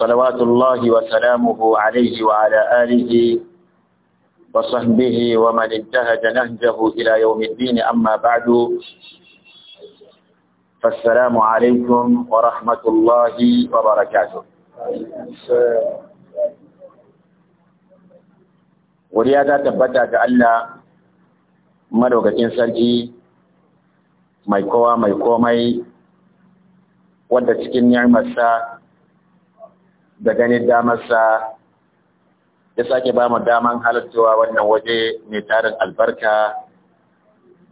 صلوات الله وسلامه عليه وعلى آله وصحبه ومن انتهج نهجه إلى يوم الدين أما بعد فالسلام عليكم ورحمة الله وبركاته وليا ذا تبتا تعالى madaukakin sarki mai kowa mai komai wanda cikin da ganin damarsa ya sake ba mu daman halittowa wannan waje mai tarin albarka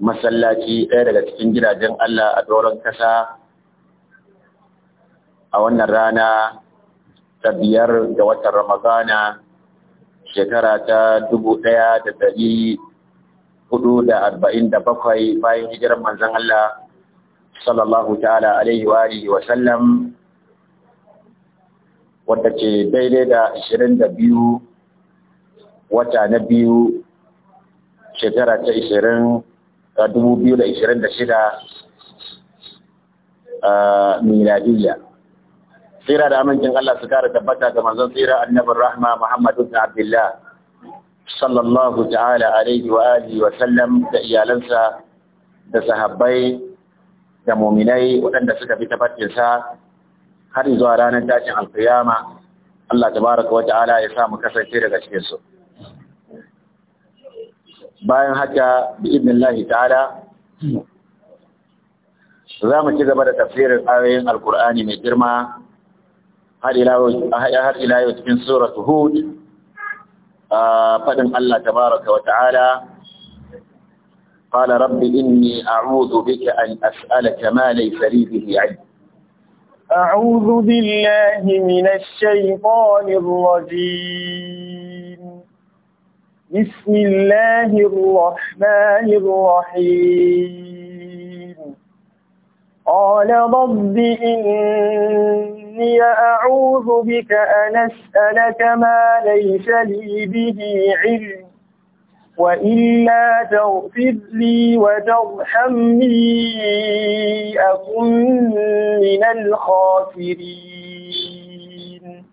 masallaci ɗaya daga cikin gidajen Allah a doron kasa a wannan rana ta biyar da watan Ramadana shekara ta dubu ɗaya da ɗari hudu da arba'in da bakwai bayan hijirar manzon Allah sallallahu ta'ala alaihi wa sallam wadda ke daidai da 22 wata na biyu shekara ta da ta 2026 miladiyya tsira da amincin Allah su kara tabbata ga manzon tsira annabin rahama Muhammadu da Abdullah sallallahu ta'ala alaihi wa alihi wa sallam da iyalansa da sahabbai da mominai, waɗanda suka fi tabbatinsa har zuwa ranar tashin alkiyama Allah tabaraka wa ta'ala ya sa mu kasance daga cikin su bayan haka bi idnillahi ta'ala za mu ci gaba da tafsirin ayoyin alkur'ani mai girma har ila yau cikin suratu hud faɗin Allah tabaraka wa ta'ala قال رب إني أعوذ بك أن أسألك ما ليس لي به علم أعوذ بالله من الشيطان الرجيم بسم الله الرحمن الرحيم قال رب إني أعوذ بك أن أسألك ما ليس لي به علم وإلا تغفر لي وترحمني أكن من الخاسرين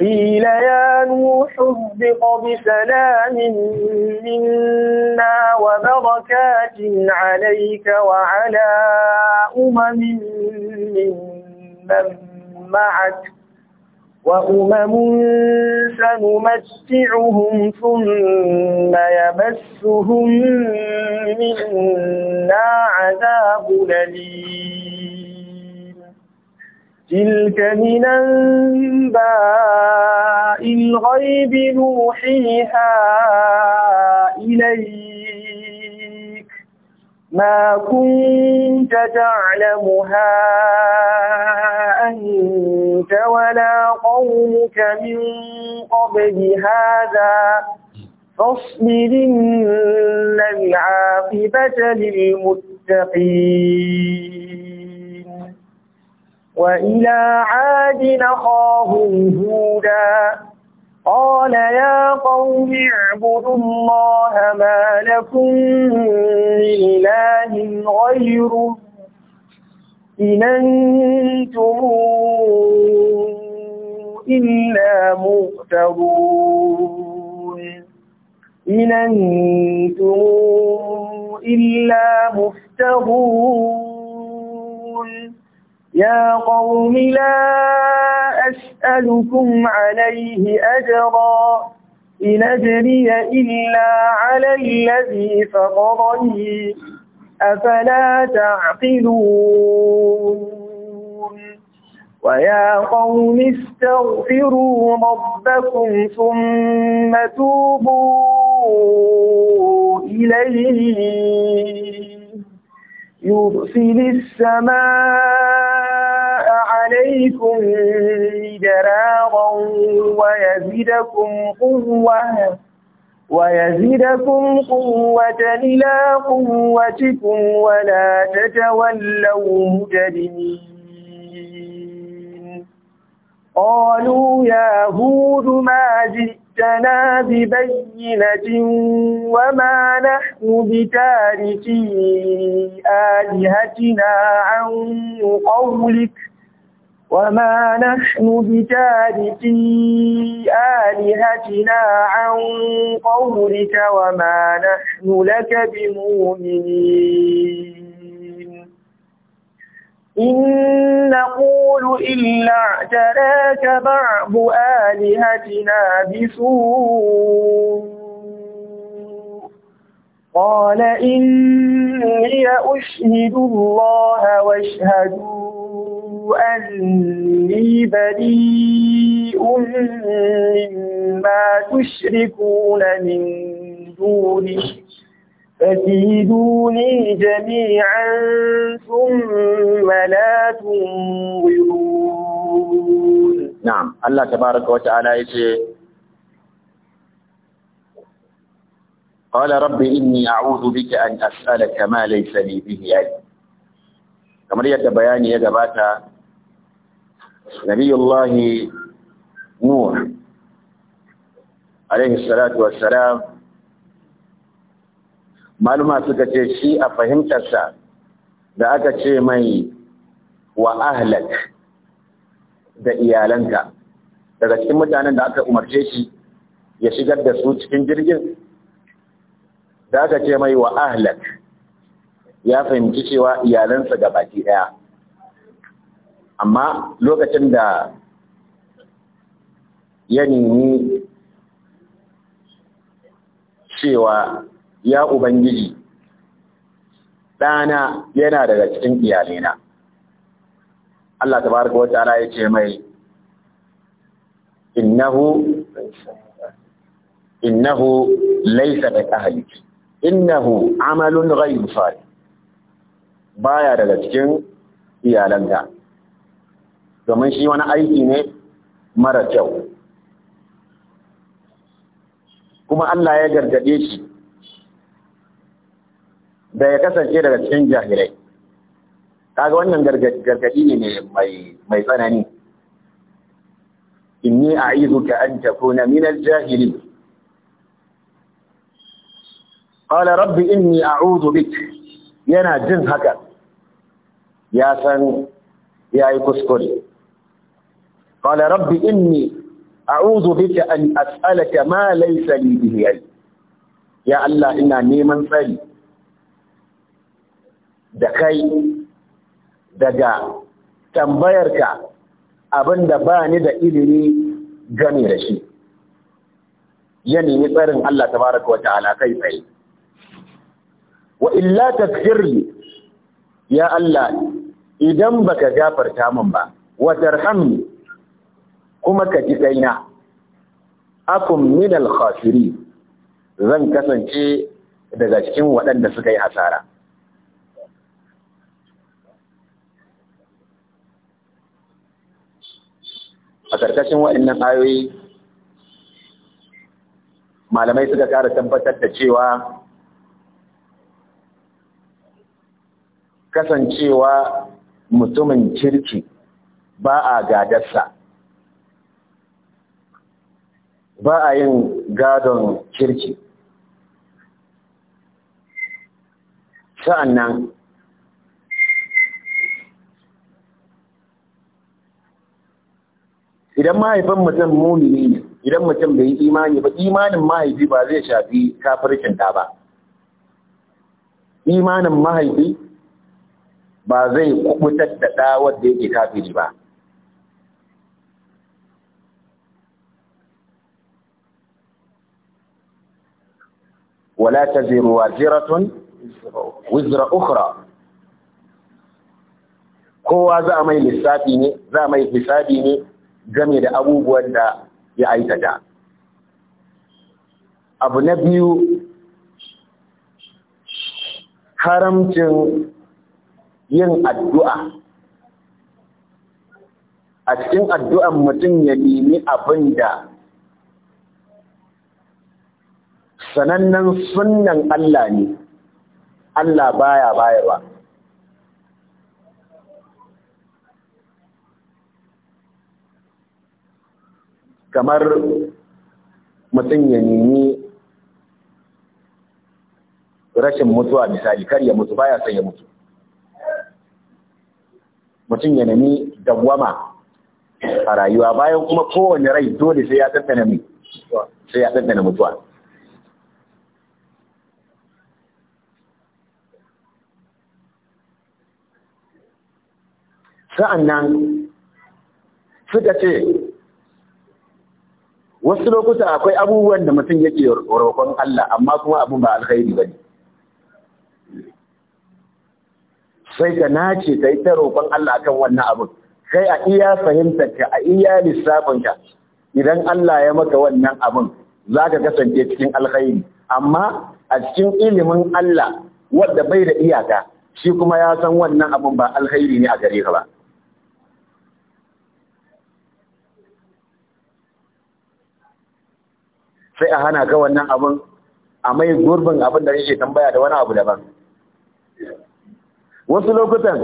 قيل يا نوح اهبط بسلام منا وبركات عليك وعلى أمم من, من معك وأمم سنمتعهم ثم يمسهم منا عذاب أليم تلك من أنباء الغيب نوحيها إليك ما كنت تعلمها أنت ولا قومك من قبل هذا فاصبر إن العاقبة للمتقين وإلى عاد أخاهم هودا قال يا قوم اعبدوا الله ما لكم من إله غيره إن أنتم إلا مغترون إن أنتم إلا مفترون يا قوم لا أسألكم عليه أجرا إن أجري إلا على الذي فقضني أفلا تعقلون ويا قوم استغفروا ربكم ثم توبوا إليه يرسل السماء عليكم مدرارا ويزدكم قوة ويزدكم قوة إلى قوتكم ولا تتولوا مجرمين قالوا يا هود ما جئت جئتنا ببينة وما نحن بتاركي آلهتنا عن قولك وما نحن بتاركي آلهتنا عن قولك وما نحن لك بمؤمنين إن نقول إلا اعتراك بعض آلهتنا بسوء قال إني أشهد الله واشهدوا أني بريء مما تشركون من دونه فكيدوني جميعا ثم لا تنظرون نعم الله تبارك وتعالى يجي قال رب إني أعوذ بك أن أسألك ما ليس لي به علم ريت بياني يا ya نبي الله نوح عليه الصلاة والسلام maluma suka ce shi a fahimtarsa da aka ce mai wa ahlak da iyalanka daga cikin mutanen da aka umarce shi ya shigar da su cikin jirgin da aka ce mai wa ahlak ya fahimci cewa iyalansa ga baki daya amma lokacin da ya nemi cewa ya ubangiji ɗana yana daga cikin iyalina Allah tabaraka wa ta'ala ya ce mai innahu innahu laysa bi ahliki innahu amalun ghayru salih baya daga cikin iyalanka domin shi wani aiki ne mara kyau kuma Allah ya gargade shi da ya kasance daga cikin jahilai kaga wannan gargadi ne mai tsanani inni a'iduka an tafi min al-jahilin qala rabbi inni a bik yana jin haka ya san ya yi kuskure qala rabbi inni a bika an as'alaka ma laysa li bihi ya Allah ina neman tsari da kai daga tambayarka abin da ba ni da ilimi gami da shi ya nemi tsarin Allah tabaraka wa ta'ala kai tsaye wa illa takfirli ya Allah idan baka gafarta min ba wa tarhamni kuma ka ji kaina akum min al zan kasance daga cikin waɗanda suka yi hasara a ƙarƙashin wa'annan ayoyi malamai suka ƙara tabbatar da cewa kasancewa mutumin kirki ba a gadarsa ba a yin gadon kirki sa'annan idan mahaifin mutum mumini ne idan mutum bai yi imani ba imanin mahaifi ba zai shafi kafirkin ta ba imanin mahaifi ba zai kubutar da ɗa wanda yake kafiri ba ولا تزر وازرة وزر أخرى kowa za a mai lissafi ne za a mai hisabi ne game da abubuwan da ya aikata. Abu na biyu, haramcin yin addu'a. A cikin addu'an mutum ya nemi abin da sanannen sunan Allah ne, Allah baya bayarwa. kamar mutum ya nemi rashin mutuwa misali kar ya mutu baya son ya mutu mutum ya nemi dawwama a rayuwa bayan kuma kowane rai dole sai ya tattana mai sai ya tattana mutuwa sa'an nan suka ce wasu lokuta akwai abubuwan da mutum yake roƙon Allah amma kuma abu ba alkhairi ba ne sai ka nace ka yi ta roƙon Allah akan wannan abin kai a iya fahimtar ka a iya lissafin ka idan Allah ya maka wannan abun za ka kasance cikin alkhairi amma a cikin ilimin Allah wadda bai da iyaka shi kuma ya san wannan abun ba alkhairi ne a gare ka ba sai a hana ka wannan abin a mai gurbin abin da yake tambaya da wani abu daban wasu lokutan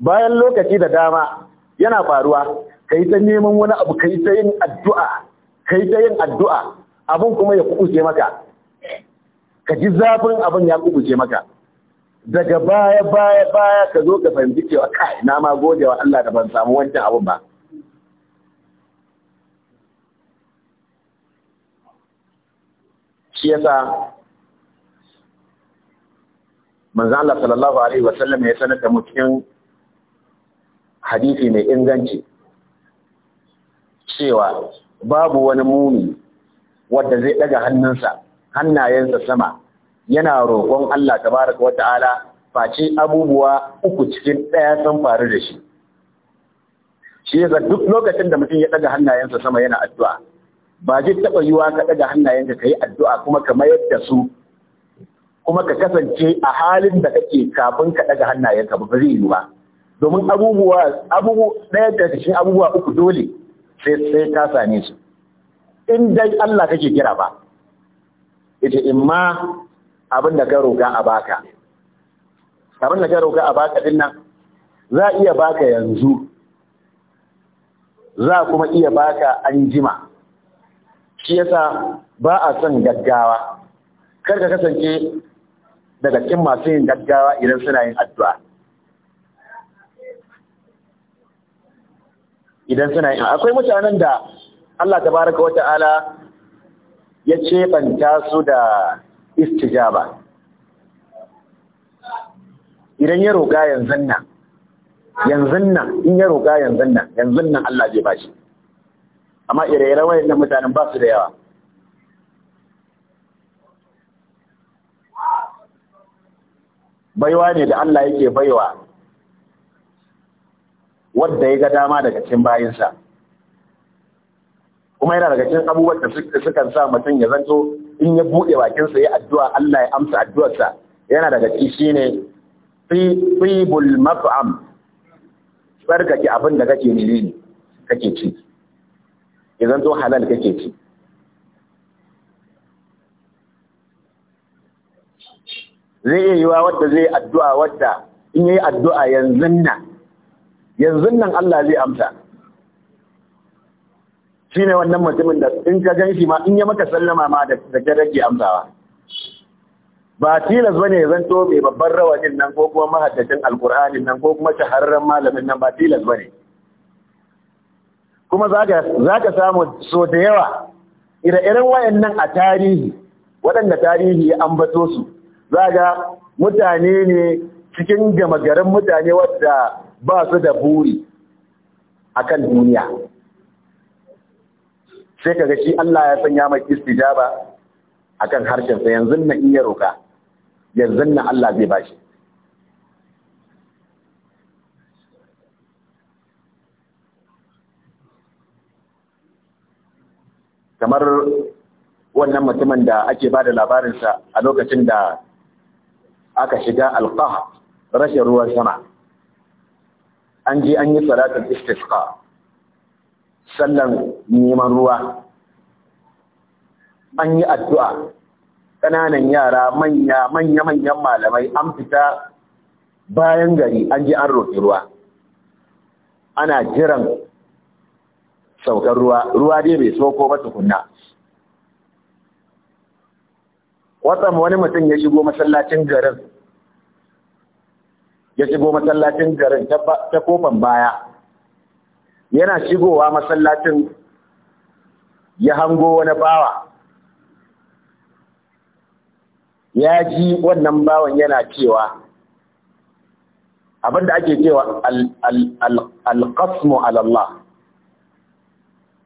bayan lokaci da dama yana faruwa Ka yi ta neman wani abu yi ta yin addu'a yi ta yin addu'a abin kuma ya kubuce maka ka ji zafin abin ya kubuce maka daga baya baya baya ka zo ka fahimci cewa kai na ma gode wa Allah da ban samu wancan abin ba shi yasa manzo Allah sallallahu alaihi wasallam ya sanar da mu cikin hadisi mai inganci cewa babu wani muni wanda zai daga hannunsa hannayensa sama yana roƙon Allah tabaraka wa ta'ala face abubuwa uku cikin ɗaya sun faru da shi shi yasa duk lokacin da mutum ya daga hannayensa sama yana addu'a ba ji taɓa yiwa ka ɗaga hannayenka ka yi addu'a kuma ka mayar da su kuma ka kasance a halin da kake kafin ka ɗaga hannayenka ba zai yiwu ba domin abubuwa abubu ɗaya da cikin abubuwa uku dole sai sai ka same su in dai Allah kake kira ba ita imma abin da ka roƙa a baka abin da ka roƙa a baka din nan za iya baka yanzu za kuma iya baka anjima shi yasa ba a son gaggawa kar ka kasance daga cikin masu yin gaggawa idan suna yin addu'a idan suna yin akwai mutanen da Allah tabaraka wa ta'ala ya ce cebanta su da istijaba idan ya roƙa yanzu nan yanzu nan in ya roƙa yanzu nan yanzu nan Allah zai bashi amma ire-iren wayannan mutanen ba su da yawa baiwa ne da Allah yake baiwa wadda ya ga dama daga cikin bayinsa kuma yana daga cikin abubuwan da sukan sa mutum ya zanto in ya buɗe bakinsa ya addu'a Allah ya amsa addu'arsa yana daga ciki shine tsibul maf'am tsarkake abin da kake nile ne kake ci idan zo halal kake ci zai iya yiwa wadda zai addu'a wadda in yayi addu'a yanzu nan yanzu nan Allah zai amsa shine wannan mutumin da in ka gan shi ma in ya maka sallama ma da da rage amsawa ba tilas bane zan to mai babbar rawajin nan ko kuma mahaddacin alkur'anin nan ko kuma shahararren malamin nan ba tilas bane kuma za ka samu so da yawa ire-iren wayannan a tarihi waɗanda tarihi ya ambato su za ga mutane ne cikin gama garin mutane wadda ba su da buri a kan duniya sai ka ga shi Allah ya sanya mai istijaba a kan harshensa yanzu na iya roka yanzu na Allah zai bashi kamar wannan mutumin da ake ba da labarinsa a lokacin da aka shiga alƙah rashin ruwan sama an je an yi salatul istisqa sallan neman ruwa an yi addu'a ƙananan yara manya manya manyan malamai an fita bayan gari an je an roƙi ruwa ana jiran saukar ruwa ruwa dai bai soko ba tukunna watsam wani mutum ya shigo masallacin garin ya shigo masallacin garin ta kofan baya yana shigowa masallacin ya hango wani bawa ya ji wannan bawan yana cewa abinda ake cewa alƙasmu alallah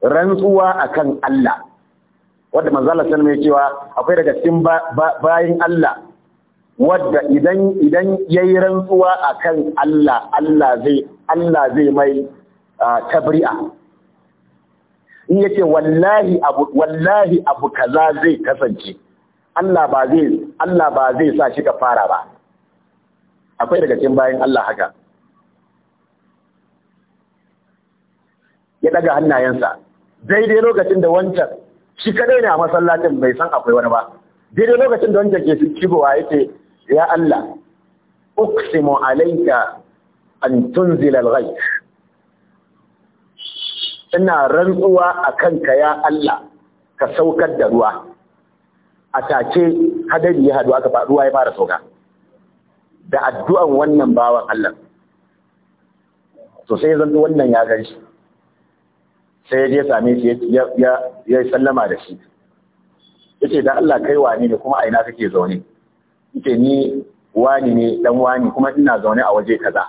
rantsuwa akan Allah wadda manzala sun mai cewa akwai daga cikin bayin Allah wadda idan idan yayi rantsuwa akan Allah Allah zai Allah zai mai tabri'a in yace wallahi abu wallahi abu kaza zai kasance Allah ba zai Allah ba zai sa shi ka fara ba akwai daga cikin bayin Allah haka ya daga hannayensa daidai lokacin da wancan shi kadai ne a masallacin bai san akwai wani ba daidai lokacin da wancan ke shigowa yake ya Allah uqsimu alayka an tunzila al-ghayb ina rantsuwa akan ka ya Allah ka saukar da ruwa a take hadari ya hadu aka ruwa ya fara sauka da addu'an wannan bawan Allah Sosai sai wannan ya gan sai ya same shi ya sallama da shi yace da Allah kai wani ne kuma a ina kake zaune yace ni wani ne dan wani kuma ina zaune a waje kaza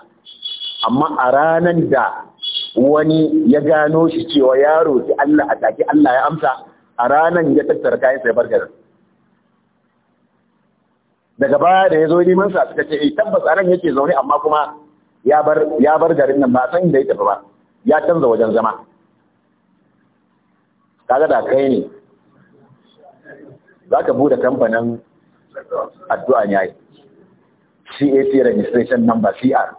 amma a ranan da wani ya gano shi cewa ya roki Allah a take Allah ya amsa a ranan ya tattara kayan sai gari. daga baya da ya zo neman sa suka ce eh tabbas a ran yake zaune amma kuma ya bar ya bar garin nan ba san inda ya tafi ba ya canza wajen zama kaga da kai ne za ka bude kamfanin addu'a ya yi CAT registration number CR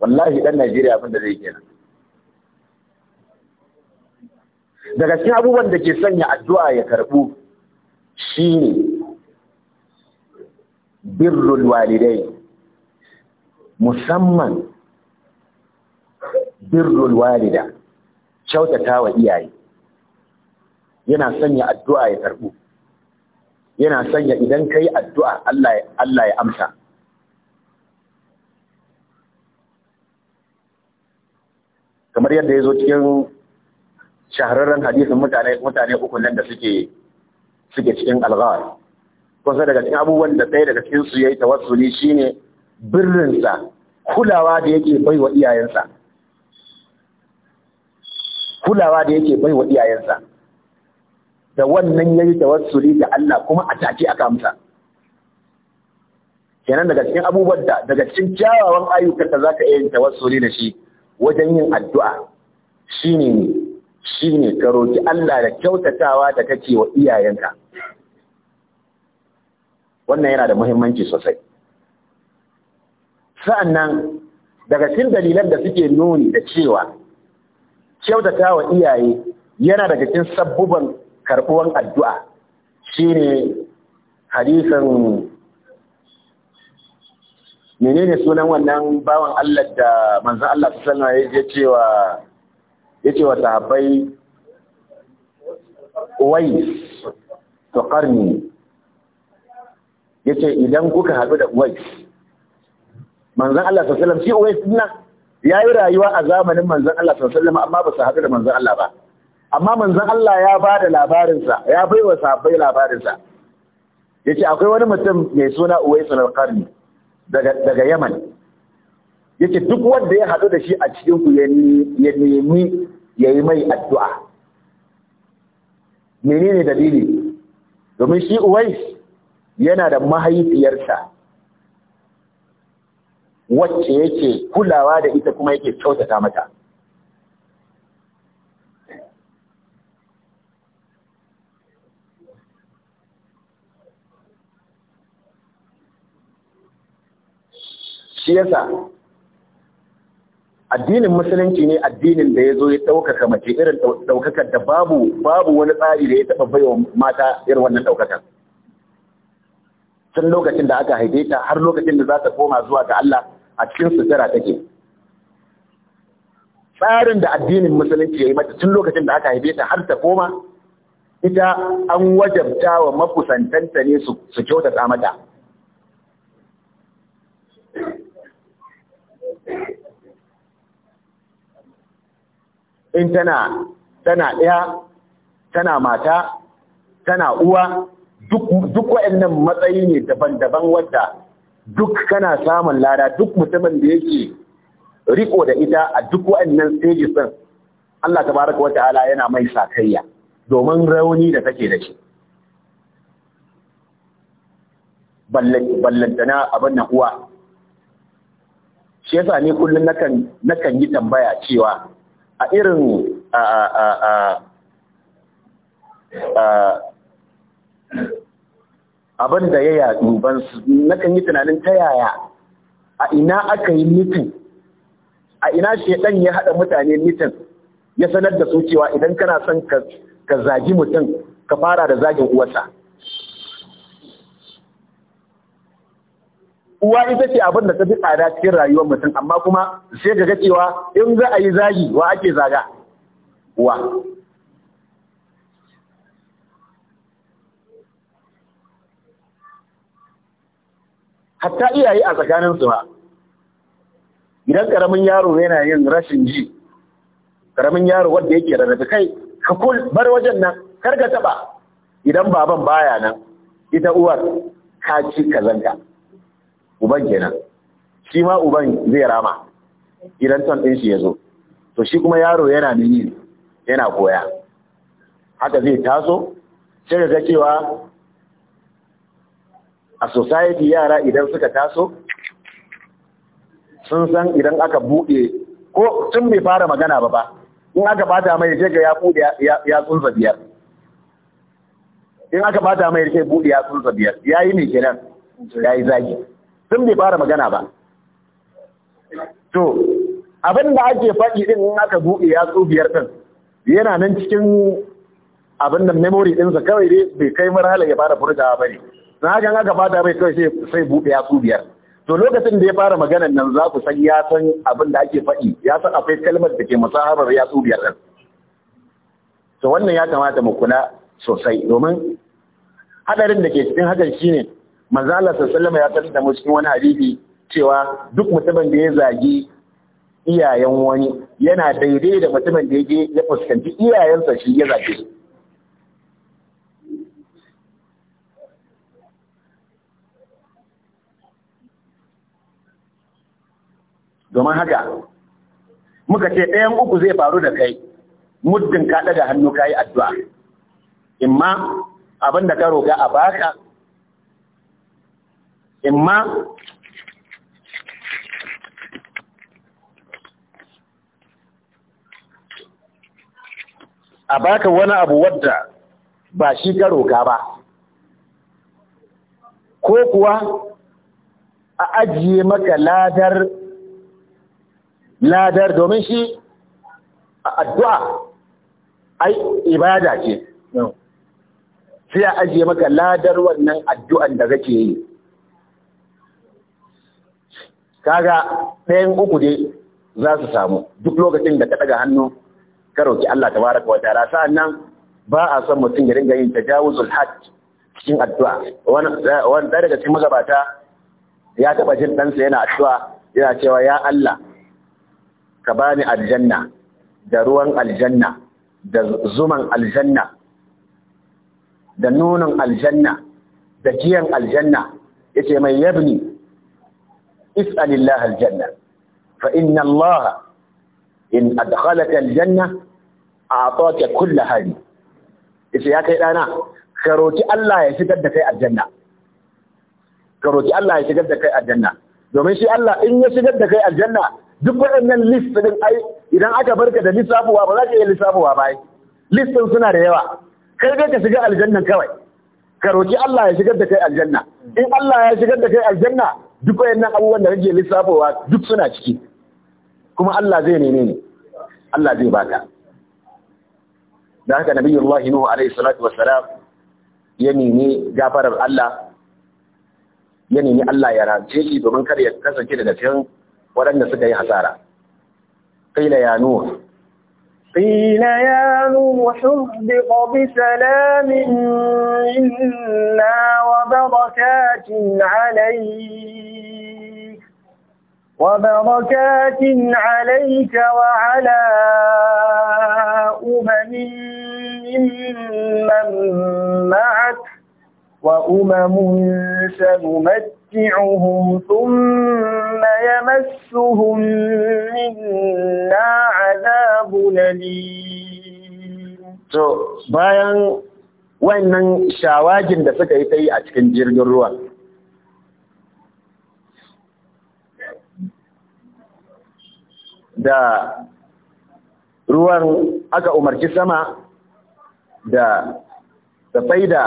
wallahi dan Najeriya abin da zai kenan daga cikin abubuwan da ke sanya addu'a ya karbu shine birrul walidai musamman birrul walida kyautata wa iyaye yana sanya addu'a ya karbu yana sanya idan kai addu'a Allah Allah ya amsa kamar yadda ya zo cikin shahararren hadisin mutane mutane uku nan da suke suke cikin alghar kusa daga cikin abubuwan da sai daga cikin su yayi tawassuli shine birrinsa kulawa da yake bai wa iyayensa kulawa da yake bai wa iyayensa da wannan yayi tawassuli da Allah kuma a take aka amsa kenan daga cikin abubuwan da daga cikin kyawawan ayyukan da zaka iya yin tawassuli da shi wajen yin addu'a shine shine ka roki Allah da kyautatawa da kake wa iyayenka wannan yana da muhimmanci sosai sa'annan daga cikin dalilan da suke nuni da cewa kyautatawa iyaye yana daga cikin sabbuban karɓuwan addu'a shi ne hadisin menene sunan wannan bawan Allah da manzan Allah su sanar ya cewa ya cewa sahabbai wai ƙarni ya ce idan kuka haɗu da wai Manzan Allah su sanar shi wai ya yi rayuwa a zamanin manzan Allah su sanar amma ba su haɗu da manzan Allah ba amma manzon Allah ya ba da labarinsa ya bai wa sabai labarinsa ya ce akwai wani mutum mai suna uwaisu alƙarni daga yaman ya ce duk wanda ya haɗu da shi a cikinku ya nemi ya yi mai addu'a menene dalili domin shi uwai yana da mahaifiyarsa wacce yake kulawa da ita kuma yake kyautata mata shi yasa addinin musulunci ne addinin da ya zo ya ɗaukaka mace irin ɗaukaka, da babu babu wani tsari da ya taɓa baiwa mata irin wannan ɗaukaka tun lokacin da aka haife ta har lokacin da za ta koma zuwa ga Allah a cikin sutura take tsarin da addinin musulunci ya yi mata tun lokacin da aka haife ta har ta koma ita an wajabta wa makusantanta ne su kyautata mata in tana tana ɗaya tana mata tana uwa duk waɗannan matsayi ne daban-daban wadda duk kana samun lada duk mutumin da yake riko da ita a duk waɗannan stages ɗin Allah tabaraka wa ta'ala yana mai sakayya domin rauni da take da shi ballantana abin na uwa shi yasa ne kullum nakan yi tambaya cewa a irin a a a abin da ya yaɗu ban nakan yi tunanin ta yaya a ina aka yi mitin a ina shedan ya haɗa mutane mitin ya sanar da su cewa idan kana son ka zagi mutum ka fara da zagin uwarsa uwa ita ce abin da ta fi tsada cikin rayuwar mutum amma kuma sai ga cewa in za a yi zagi wa ake zaga uwa hatta iyaye a tsakanin su ba idan karamin yaro yana yin rashin ji karamin yaro wanda yake rarrafe kai ka kul bar wajen nan kar ka taba idan baban baya nan ita uwar ka ci ka kazanka uban kenan shi ma uban zai rama idan ton ɗin shi ya zo to shi kuma yaro yana nini yana koya haka zai taso sai ga cewa a society yara idan suka taso sun san idan aka buɗe ko tun bai fara magana ba ba in aka bata mai sai ga ya buɗe ya tsunsa biyar in aka bata mai sai buɗe ya tsunsa biyar yayi ne kenan yayi zagi Sun bai fara magana ba to abin da ake faɗi ɗin in aka buɗe ya biyar ɗin, yana nan cikin abin da memory ɗinsa kawai dai bai kai marhala ya fara furta ba ne na hakan aka fata bai kawai sai buɗe ya biyar to lokacin da ya fara magana nan za ku san ya san abin da ake faɗi ya san akwai kalmar da ke musaharar ya biyar ɗin? to wannan ya kamata mu kula sosai domin haɗarin da ke cikin hakan shine mazala Allah sallallahu ya san da mu cikin wani hadisi cewa duk mutumin da ya zagi iyayen wani yana daidai da mutumin da yake ya fuskanci iyayensa shi ya zage domin haka muka ce ɗayan uku zai faru da kai muddin ka ɗaga hannu ka yi addu'a imma abin da ka roga a baka imma a baka wani abu wadda ba shi ka roka ba ko kuwa a ajiye maka ladar ladar domin shi a addu'a ai ibada ce sai a ajiye maka ladar wannan addu'an da zake yi kaga ɗayan uku dai za su samu duk lokacin da ka ɗaga hannu ka roƙi Allah ta tabaraka wa ta'ala sa'annan ba a son mutum ya dinga yin tajawuzul hajj cikin addu'a wani ɗaya daga cikin magabata ya taɓa jin ɗansa yana addu'a yana cewa ya Allah ka bani aljanna da ruwan aljanna da zuman aljanna da nunan aljanna da giyan aljanna yace mai yabni اسأل الله الجنة فإن الله إن أدخلك الجنة أعطاك كل هذه إذا يا كي أنا كروتي الله يسجد في الجنة كروتي الله يسجد في الجنة domin shi Allah in ya shigar da kai aljanna duk waɗannan list din ai idan aka barka da lissafuwa ba za ka iya lissafuwa ba list din suna da yawa kai dai ka shiga aljanna kawai ka roki Allah ya shigar da kai aljanna in Allah ya shigar da kai aljanna duk wayannan abubuwan da rage lissafowa duk suna ciki kuma Allah zai nene ne Allah zai baka da haka nabiyullah nuhu alaihi salatu wassalam ya nemi gafarar Allah ya nemi Allah ya rance shi domin kar ya kasance daga cikin waɗanda suka yi hasara la ya nuhu قيل يا نوح اهبط بسلام منا وبركات عليك وبركات عليك وعلى أمم ممن معك وأمم سنمت نمتعهم ثم يمسهم منا عذاب أليم تو bayan wannan shawagin da suka yi ta yi a cikin jirgin ruwa da ruwan aka umarci sama da da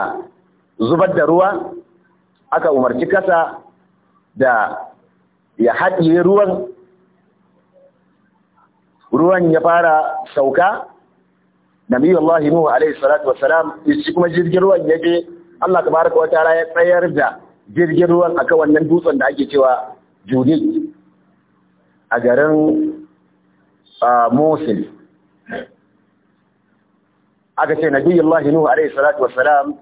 zubar da ruwa aka umarci kasa da ya haɗiye ruwan ruwan ya fara sauka nabi Allah Nuhu alaihi salatu wa salam. shi kuma jirgin ruwan ya je Allah tabaraka wa ta'ala ya tsayar da jirgin ruwan akan wannan dutsen da ake cewa Judi a garin Mosul aka ce nabi Allah Nuhu alaihi salatu wa salam.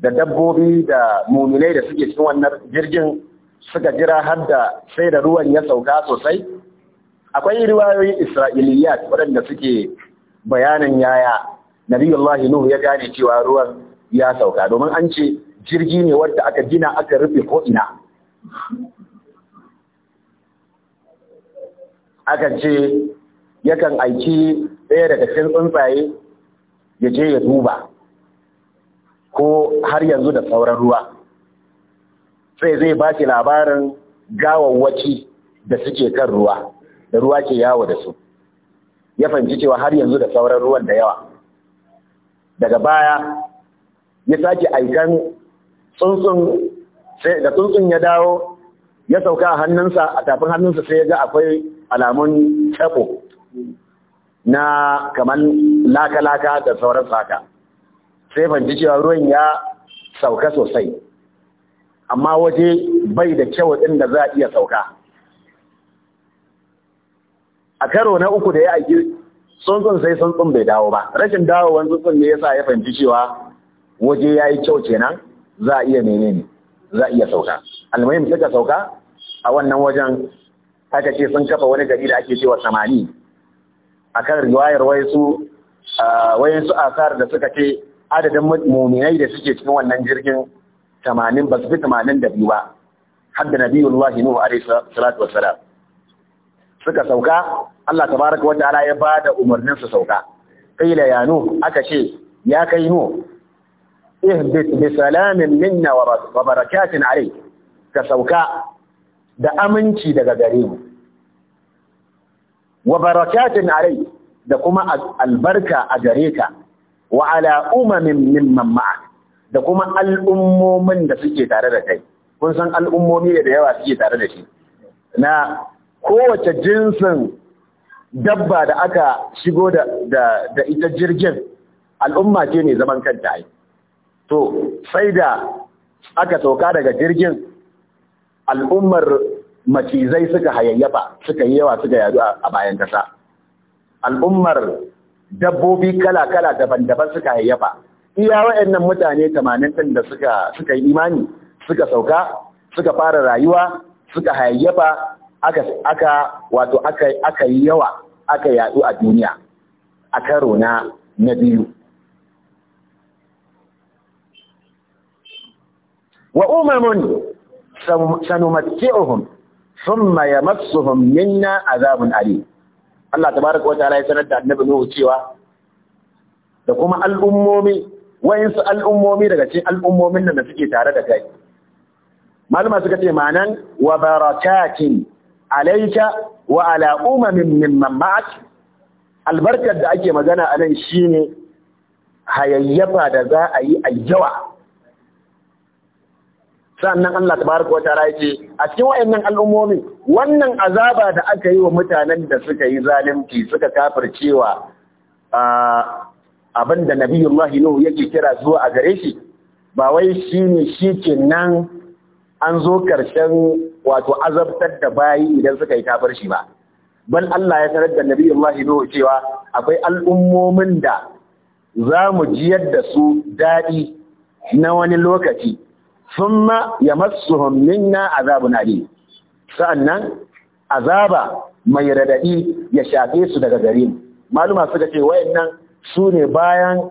da dabbobi da muminai da suke cikin wannan jirgin suka jira har da sai da ruwan ya sauka sosai akwai riwayoyin isra'iliyat waɗanda suke bayanin yaya nabiyullahi nuhu ya gane cewa ruwan ya sauka domin an ce jirgi ne wadda aka gina aka rufe ko ina, aka ce yakan aiki ɗaya daga cikin tsuntsaye ya je ya duba ko har yanzu da sauran ruwa sai zai ba shi labarin gawawwaci da suke kan ruwa da ruwa ke yawo da su ya fahimci cewa har yanzu da sauran ruwan da yawa daga baya ya sake aikan tsuntsun sai da tsuntsun ya dawo ya sauka a hannunsa a tafin hannunsa sai ya ga akwai alamun tsako na kamar laka-laka da sauran saka sai ban cewa ruwan ya sauka sosai amma waje bai da kyau ɗin da za a iya sauka a karo na uku da ya aiki tsuntsun sai tsuntsun bai dawo ba rashin dawowar tsuntsun ne yasa ya fahimci cewa waje ya yi kyau kenan za a iya menene za a iya sauka almahim suka sauka a wannan wajen aka ce sun kafa wani gari da ake cewa samani a kan riwayar wayansu a asar da suka ce adadin muminai da suke cikin wannan jirgin tamanin ba su fi tamanin da biyu ba biyu da nabiyullahi nuhu alaihi salatu Wasala. suka sauka Allah ta baraka wa ta'ala ya bada umarnin su sauka qila ya nuh aka ce ya kai mu. ihbit bi salamin minna wa barakatin alayk ka sauka da aminci daga gare mu wa barakatin da kuma albarka a gare ka wa ala umamin mimman ma'ak da kuma al'ummomin da suke tare da kai kun san al'ummomi da yawa suke tare da shi na kowace jinsin dabba da aka shigo da ita jirgin al'umma ce ne zaman kanta ai to sai da aka sauka daga jirgin al'ummar macizai suka hayayyafa suka yi yawa suka yadu a bayan kasa al'ummar dabbobi kala-kala daban-daban suka hayyafa iya waɗannan mutane tamanin ɗin da suka yi imani suka sauka suka fara rayuwa suka hayyafa aka wato aka yi yawa aka yadu a duniya a karo na na biyu wa umamun sanumatti'uhum thumma yamassuhum minna azabun alim Allah tabaraka wataala ya sanar da annabi Nuhu cewa da kuma al'ummomi su al'ummomi daga cikin al'ummomin nan da suke tare da kai malama suka ce ma'anan wa barakatin alayka wa ala umamin mimman albarkar da ake magana a nan shine hayayyafa da za a yi a yawa sannan Allah tabaraka wa ta'ala yake a cikin wayannan al'ummomi wannan azaba da aka yi wa mutanen da suka yi zalunci suka kafircewa abin da nabiyullahi nuhu yake kira zuwa a gare shi ba wai shi ne shine nan an zo karshen wato azabtar da bayi idan suka yi kafirci ba bal Allah ya sanar da nabiyullahi nuhu cewa akwai al'ummomin da za mu jiyar da su daɗi na wani lokaci masu yamassuhum na azabun alim sa'annan azaba mai radadi ya shafe su daga gare maluma suka ce wayannan su ne bayan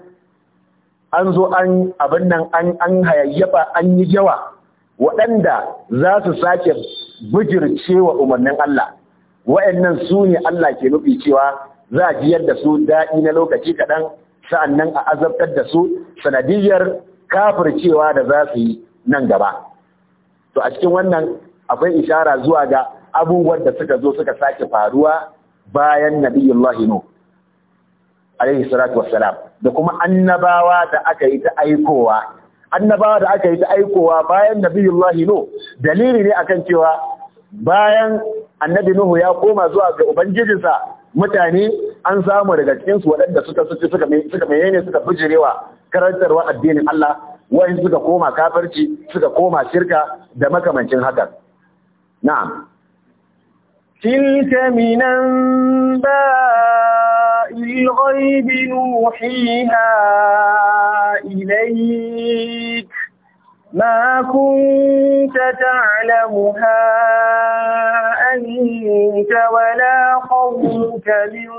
an zo an abin nan an hayayyafa an yi jawa waɗanda za su sake bijircewa umarnin Allah wayannan su ne Allah ke nufi cewa za a jiyar da su daɗi na lokaci kaɗan sa'annan a azabtar da su sanadiyar kafircewa da za su yi nan gaba to a cikin wannan akwai ishara zuwa ga abubuwan da suka zo suka sake faruwa bayan Allah nu alaihi salatu wassalam da kuma annabawa da aka yi ta aikowa annabawa da aka yi ta aikowa bayan Allah nu dalili ne akan cewa bayan annabi nuhu ya koma zuwa ga ubangijinsa mutane an samu daga cikinsu waɗanda suka suka suka menene suka bijirewa karantarwa addinin Allah wani suka koma kafarci suka koma shirka da makamancin haka. na. Tilka minan ba binu wahina ilayik ma kunta ta’alamu ha aninta wala kawunta min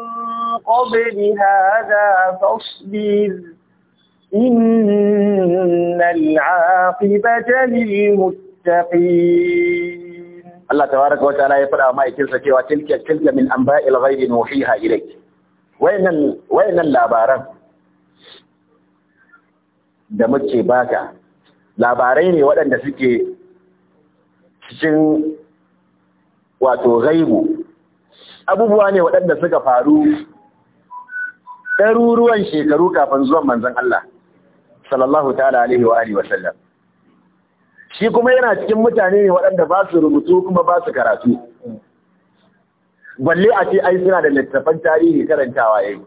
ƙobin hada fasbir. Allah ta wara Allah tabaraka wa ya faɗa wa ma'aikinsa cewa tilka tilka min an ba'il ghaibi nuhiha ilayk Wai wayannan labaran da muke baka labarai ne waɗanda suke cikin wato ghaibu abubuwa ne waɗanda suka faru ɗaruruwan shekaru kafin zuwan manzon Allah sallallahu ta'ala alaihi wa alihi wa sallam shi kuma yana cikin mutane ne waɗanda ba su rubutu kuma ba su karatu balle a ce ai suna da littafan tarihi karantawa yayi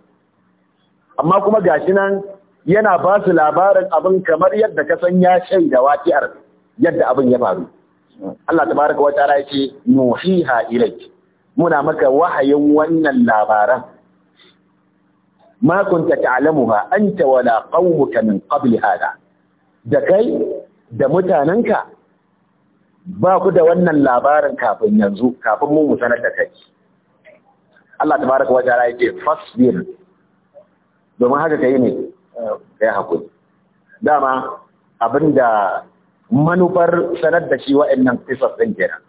amma kuma gashi nan yana ba su labarin abin kamar yadda ka san ya shaida waƙiyar yadda abin ya faru Allah tabaraka wa ta'ala yace muhiha ilayk muna maka wahayin wannan labaran ma kunta ta'lamuha anta wala qaumuka min qabli hada da kai da mutanenka ba ku da wannan labarin kafin yanzu kafin mu musanar da kai Allah tabaraka wa ta'ala yake fasbir domin haka kai ne kai hakuri dama abinda manufar sanar da shi wa'annan kisas din kenan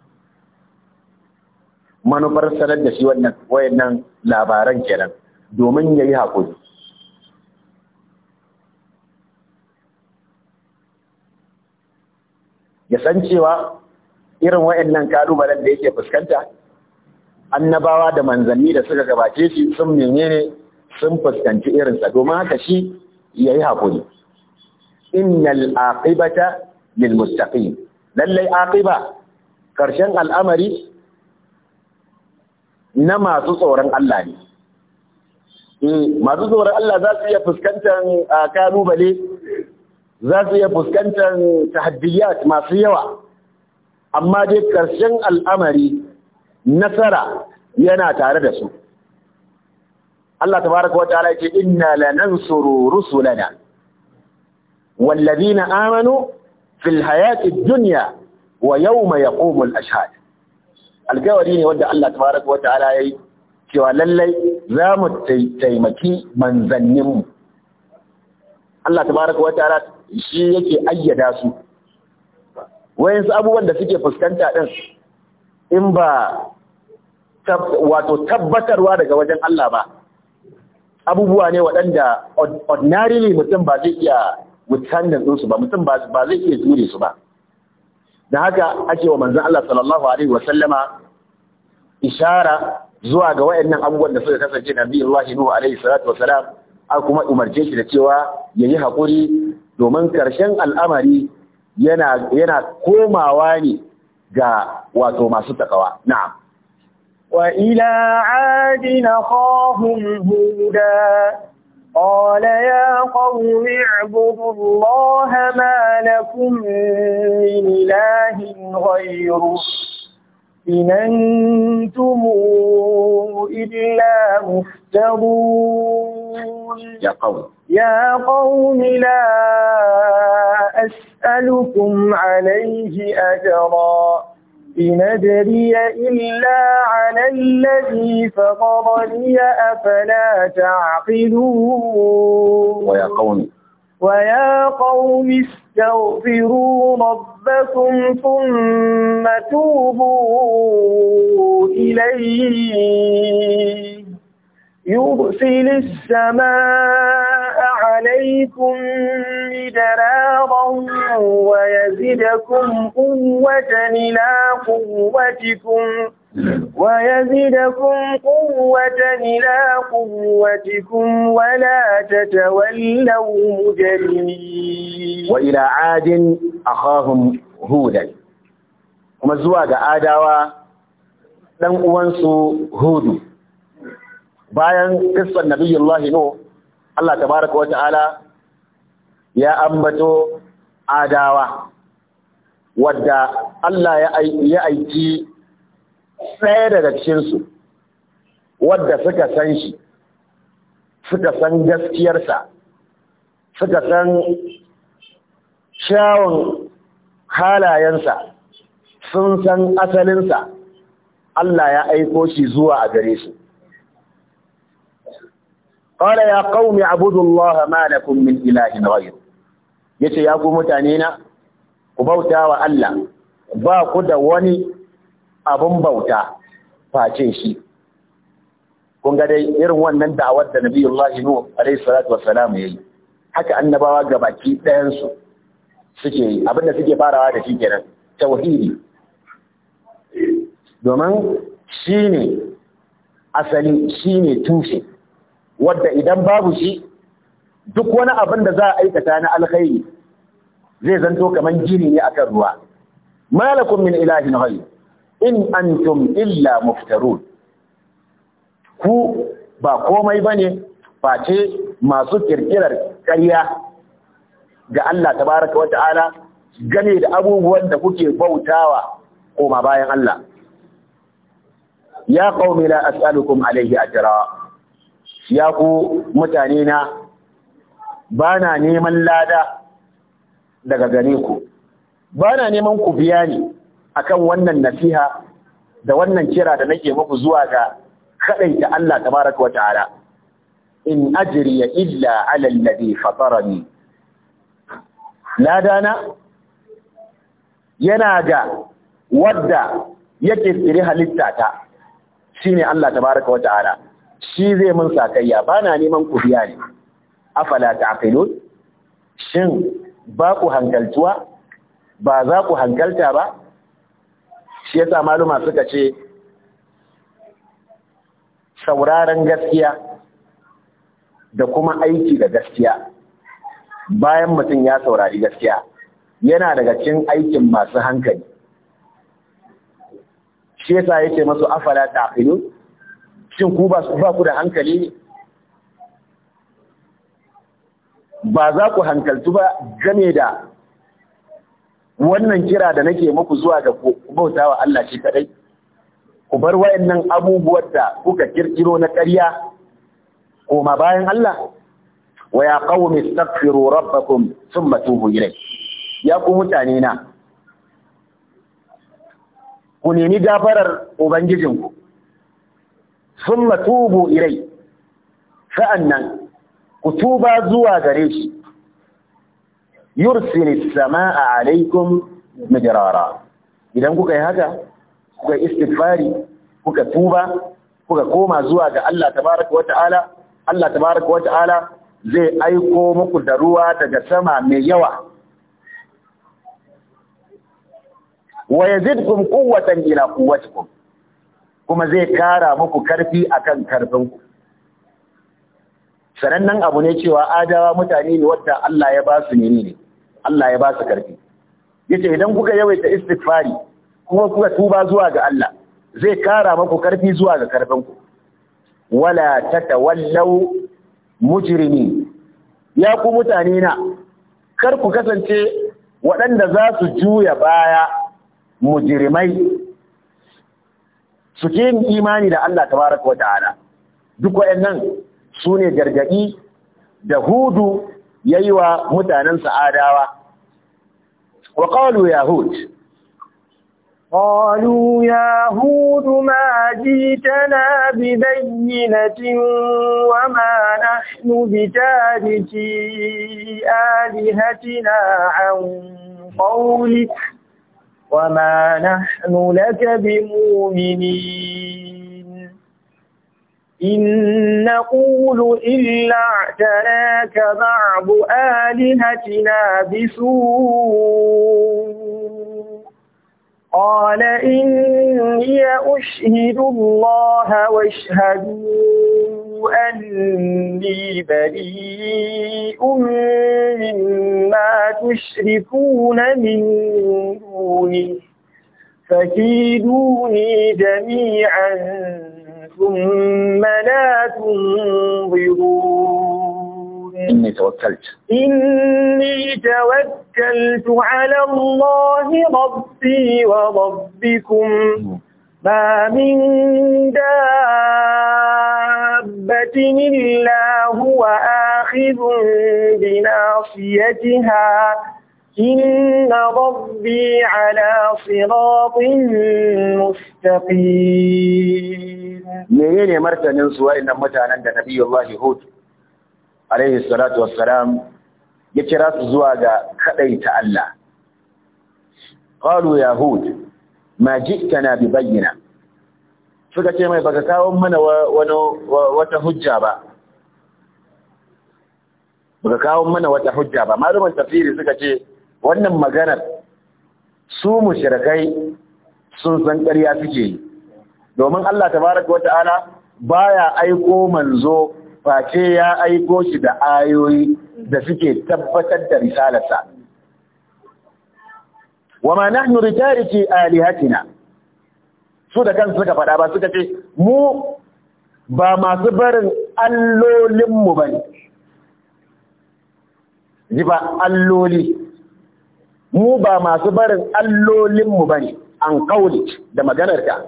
manufar sanar da shi wannan wayannan labaran kenan domin ya yi haƙuri ya san cewa irin wa'annan ƙalubalen da yake fuskanta annabawa da manzanni da suka gabace shi sun menene sun fuskanci irinsa domin haka shi ya yi haƙuri innal aqibata lil mustaqim lallai aqiba ƙarshen al'amari na masu tsoron Allah ne Eh, masu tsoron Allah za su iya fuskantar kalubale za su iya fuskantar tahaddiyat masu yawa amma dai ƙarshen al'amari nasara yana tare da su Allah tabaraka wa ta'ala ce inna lanansuru rusulana wallazina amanu fil hayati dunya wa yawma yaqumul ashhad alkawari ne wanda Allah tabaraka wa ta'ala yayi cewa lallai za mu taimaki manzanninmu Allah Ta baraka wata ta'ala shi yake ayyada su wayansu abubuwan da suke fuskanta ɗin, in ba wato tabbatarwa daga wajen Allah ba abubuwa ne waɗanda ordinarily mutum ba zai iya withstanding ɗinsu ba mutum ba zai iya jure su ba da haka ake wa manzan Allah sallallahu alaihi wa ishara zuwa ga wayannan abubuwan da suka kasance nabiyullahi nuhu alaihi salatu wasalam an kuma umarce shi da cewa yayi hakuri domin karshen al'amari yana yana komawa ne ga wato masu takawa na'am wa ila adina khahum huda قال يا قوم اعبدوا الله ما لكم من إله غيره إن أنتم إلا مفترون يا قوم يا قوم لا أسألكم عليه أجرا إن أدري إلا على الذي فطرني أفلا تعقلون ويا قوم ويا قوم واستغفروا ربكم ثم توبوا إليه يرسل السماء عليكم مدرارا ويزدكم قوة إلى قوتكم ويزدكم قوة إلى قوتكم ولا تتولوا مجرمين وإلى عاد أخاهم هودا kuma zuwa ga adawa ɗan uwansu hudu bayan kissan nabiyullahi no Allah tabaraka wa ta'ala ya ambato adawa wadda Allah ya aiki ɗaya daga cikinsu wadda suka san shi suka san gaskiyarsa suka san kyawun halayensa sun san asalinsa Allah ya aiko shi zuwa a gare su ƙwada ya ƙaumi abudullah ma da min ilahin rayu ya ce ya ku mutane na ku bauta wa Allah ba ku da wani abin bauta face shi kun ga dai irin wannan da'awar da Allah Inu alaihi salatu wa salamu ya yi. haka annabawa gabaki ɗayansu, su suke yi abinda suke farawa da shi kenan tauhidi domin shi ne asali shi ne tushe Wadda idan babu shi duk wani abin da za a aikata na alkhairi zai zanto kamar gini ne akan ruwa malakun min ilahin ghayr in antum illa muftarun ku ba komai bane face masu kirkirar ƙarya ga Allah tabaraka wa ta'ala game da abubuwan da kuke bautawa koma bayan Allah ya qaumi la as'alukum alayhi ajra ya ku mutane na bana neman lada daga gare ku bana neman ku biya ni akan wannan nasiha da wannan kira da nake muku zuwa ga kadaita Allah tabaraka wa ta'ala in ajriya illa 'ala alladhi fatarani ladana yana ga wadda yake tsiri halitta ta shine Allah tabaraka wa ta'ala shi zai mun sakayya bana neman kufiya ne afala ta'qilun shin ba ku hankaltuwa ba za ku hankalta ba shi yasa maluma suka ce sauraron gaskiya da kuma aiki da gaskiya bayan mutum ya saurari gaskiya yana daga cin aikin masu hankali shi yasa yake masu afala taqilu shin ku ba ku da hankali ba za ku hankaltu ba game da wannan kira da nake muku zuwa ga bauta wa Allah shi kadai ku bar wayannan abubuwan da kuka kirkiro na ƙarya koma bayan Allah wa ya qaumi astaghfiru rabbakum thumma tubu ilayh ya ku mutane na ku nemi gafarar ubangijinku thumma tubu sa'an nan ku tuba zuwa gare shi yursilis sama'a alaikum mijrara idan kuka yi haka kuka istighfari kuka tuba kuka koma zuwa ga Allah tabaraka wata'ala Allah tabaraka wata'ala zai aiko muku da ruwa daga sama mai yawa wa yazidkum quwwatan ila quwwatikum kuma zai kara muku karfi akan ku sanannen abu ne cewa adawa mutane ne wadda Allah ya ba su ne ne Allah ya ba su karfi yace idan kuka yawaita istighfari kuma kuka tuba zuwa ga Allah zai kara maku karfi zuwa ga karfin ku wala tatawallaw mujrimi ya ku mutane na kar ku kasance waɗanda za su juya baya mujirimai. su ke imani da Allah tabaraka wata ta'ala duk waɗannan su ne gargaɗi da hudu ya yi wa mutanensa adawa. Wa ƙalu Yahud. Ƙalu Yahud ma ji tana bi bayyinatin wa ma na nubi ta riki alihatina an ƙauli wa ma na nulaka bi إن نقول إلا اعتراك بعض آلهتنا بسوء قال إني أشهد الله واشهدوا أني بريء مما تشركون من دونه فكيدوني جميعا ثم لا تنظرون إني توكلت إني توكلت على الله ربي وربكم ما من دابة إلا هو آخذ بناصيتها إن ربي على صراط ne menene martanin su wa'annan mutanen da Nabiyullahi Hud alaihi salatu wassalam ya kira su zuwa ga kadai ta Allah qalu ya hud ma ji'tana bi bayyana. suka ce mai baka kawo mana wani wata hujja ba baka kawo mana wata hujja ba malumin tafsiri suka ce wannan maganar su mushrikai sun san ƙarya suke yi domin Allah tabaraka wata'ala baya aiko manzo face ya aiko shi da ayoyi da suke tabbatar da risalarsa wama nahnu ritariki alihatina su da kansu suka faɗa ba suka ce mu ba masu barin allolinmu ba ne ji ba alloli mu ba masu barin allolinmu ba ne an kauli da ta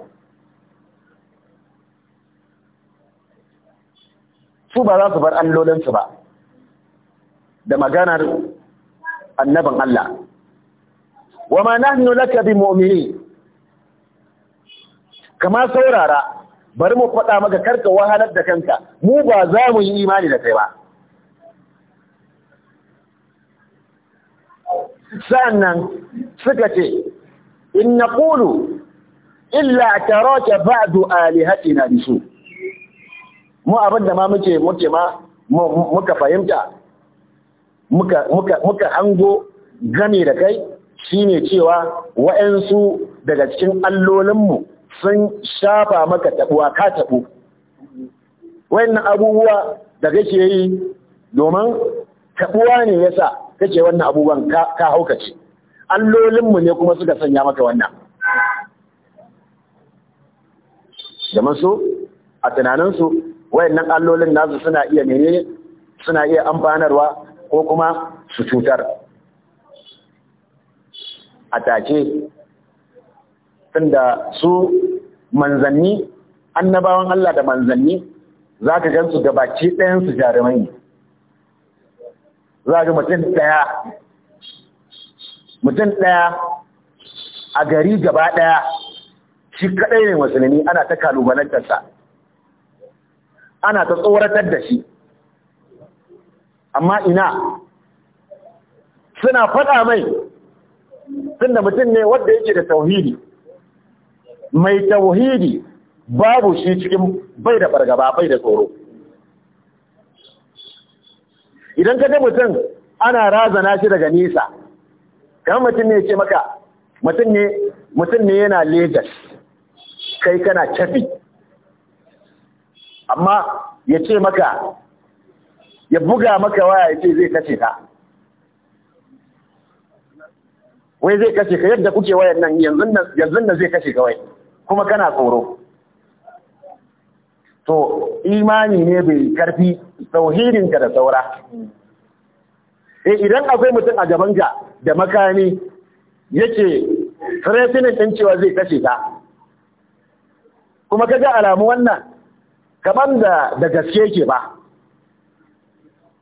su ba za su bar allolinsu ba da maganar annabin Allah wa ma nahnu laka bi mu'mini kama saurara bari mu faɗa maka karka wahalar da kanka mu ba za mu yi imani da kai ba sannan suka ce in na naqulu illa taraka ba'du na bisu mu abinda ma muke muke ma muka fahimta muka hango game da kai shine cewa wa'yansu daga cikin allolinmu sun shafa maka taɓuwa ka tabu wayannan abubuwa da ke yi domin taɓuwa ne ya sa. kake wannan abubuwan ka haukace allolinmu ne kuma suka sanya maka wannan zaman su a tunaninsu wayannan allolin nasu suna iya menene suna iya amfanarwa ko kuma su cutar a take tunda su manzanni annabawan Allah da manzanni za ka gan su gabaci ɗayansu jarumai ne za ga mutum ɗaya mutum ɗaya a gari gaba ɗaya shi kaɗai ne musulmi ana ta kalubalantarsa ana ta tsoratar da shi amma ina suna faɗa mai da mutum ne wanda yake da tauhidi mai tauhidi babu shi cikin bai da fargaba bai da tsoro idan ka ga mutum ana razana shi daga nisa kamar mutum ne ce maka mutum ne mutum ne yana Lagos kai kana tafi amma ya ce maka ya buga maka waya ya ce zai kace ka wai zai kashe ka yadda kuke wayan nan yanzu nan zai kashe ka wai kuma kana tsoro to imani ne bai karfi ka da saura eh idan akwai mutum a gabanka da makami yake threatening ɗin cewa zai kashe ta. kuma ka ga alamu wannan kaman da da gaske ke ba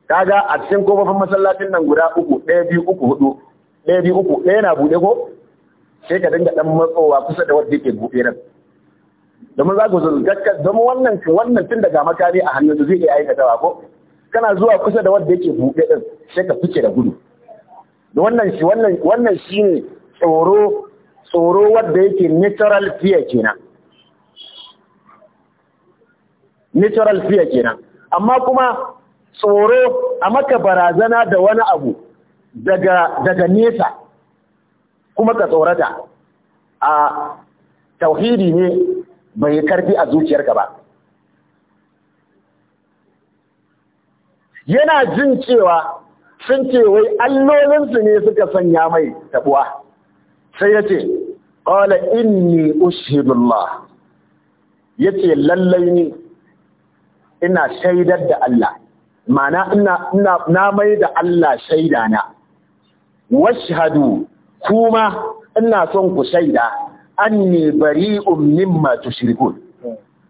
kaga a cikin kofofin masallacin nan guda uku ɗaya biyu uku hudu ɗaya biyu uku ɗaya na buɗe ko sai ka dinga ɗan matsowa kusa da wanda yake buɗe nan domin za ku zurgakka domin wannan wannan tun daga makami a hannun zai iya ba ko kana zuwa kusa da wanda yake buɗe din sai ka fice da gudu wannan shi wannan wannan shine tsoro tsoro wanda yake natural fear kenan natural fear kenan amma kuma tsoro a maka barazana da wani abu daga daga nesa kuma ka tsorata a tauhidi ne bai karfi a zuciyarka ba yana jin cewa sun ce wai allolinsu ne suka sanya mai tabuwa sai ya ce ƙwala inni ushidullah ya ce lallai ne ina shaidar da Allah mana na mai da Allah shaida na washhadu kuma ina son ku shaida anni bari'un mimma tushrikun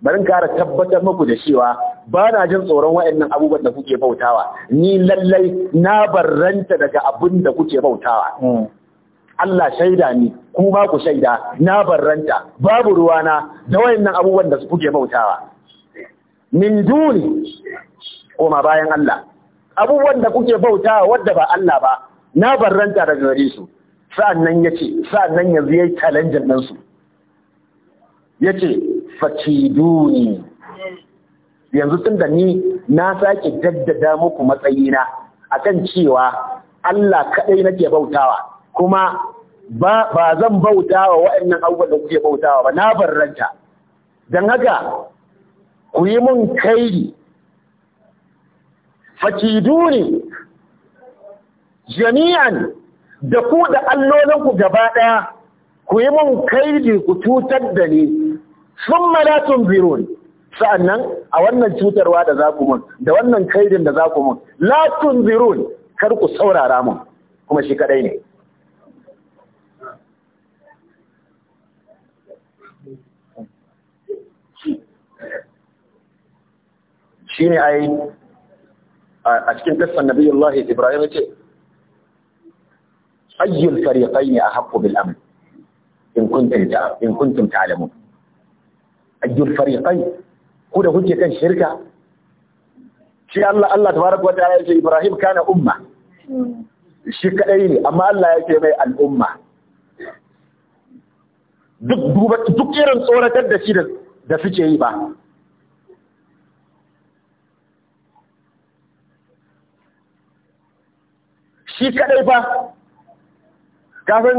barin kara tabbatar muku da cewa ba na jin tsoron wayannan abubuwan da kuke bautawa ni lallai na barranta daga abin da kuke bautawa Allah shaida ni ku ba ku shaida na barranta babu ruwana da waɗannan abubuwan da kuke bautawa min duni koma bayan Allah abubuwan da kuke bautawa wadda ba Allah ba na barranta daga gare su sa'annan ya ce sa'annan yanzu ya yi challenge ɗinsu ya ce fakiduni yanzu tun da ni na sake jaddada muku matsayina akan cewa Allah kaɗai nake bautawa kuma ba zan bautawa waɗannan abubuwan da kuke bautawa ba na barranta don haka ku yi mun kairi fakiduni jami'an da ku da allolinku gaba ɗaya ku yi mun kaidi ku cutar da ni sun malatun birun sa'annan a wannan cutarwa da za ku mun da wannan kaidin da za ku mun latun birun kar ku saurara mun kuma shi kaɗai ne Shi ne a cikin kassan Allah ibrahim ce ayyul fariqaini ahaqqu bil amn in kuntum in kuntum ta'lamun ayyul fariqain ku da kuke kan shirka shi Allah Allah tabaraka wa ta'ala yace Ibrahim kana umma shi kadai ne amma Allah ya ce mai al'umma duk duba duk irin tsoratar da shi da suke yi ba shi kadai ba kasan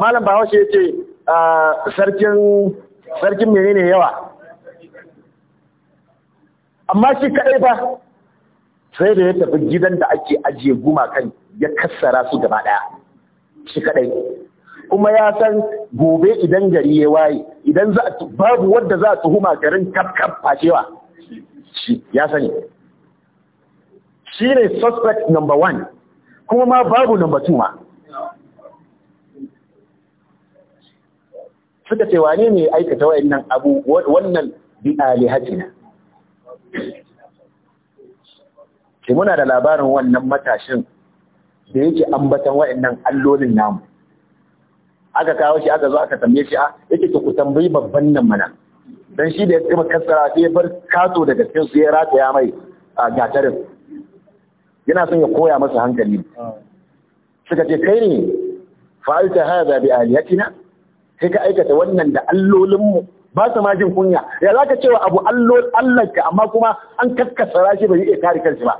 malam bahaushe ya ce ah, sarkin sarkin menene yawa amma shi kaɗai ba sai da ya tafi gidan da ake ajiye gumakan ya kassara su gaba ɗaya shi kaɗai kuma ya san gobe idan gari ya waye idan za babu wadda za a tuhuma garin kaf fashewa shi ya sani shi ne suspect number one kuma ma babu number two ma suka ce wane ne aikata wayannan abu wannan bi alihatina ce muna da labarin wannan matashin da yake ambatan wayannan allolin namu aka kawo shi aka zo aka tambaye shi a ah, yake ta ku tambayi babban nan mana dan shi da ya tsima kassara sai bar kato daga cikin su ya rataya mai a ah, gatarin yana son ya koya masa hankali ah. suka ce kai ne fa'alta hadha bi alihatina sai ka aikata wannan da allolinmu ba su ma jin kunya ya za ka cewa abu allonka amma kuma an kakkasa shi ba zai iya kare kansu ba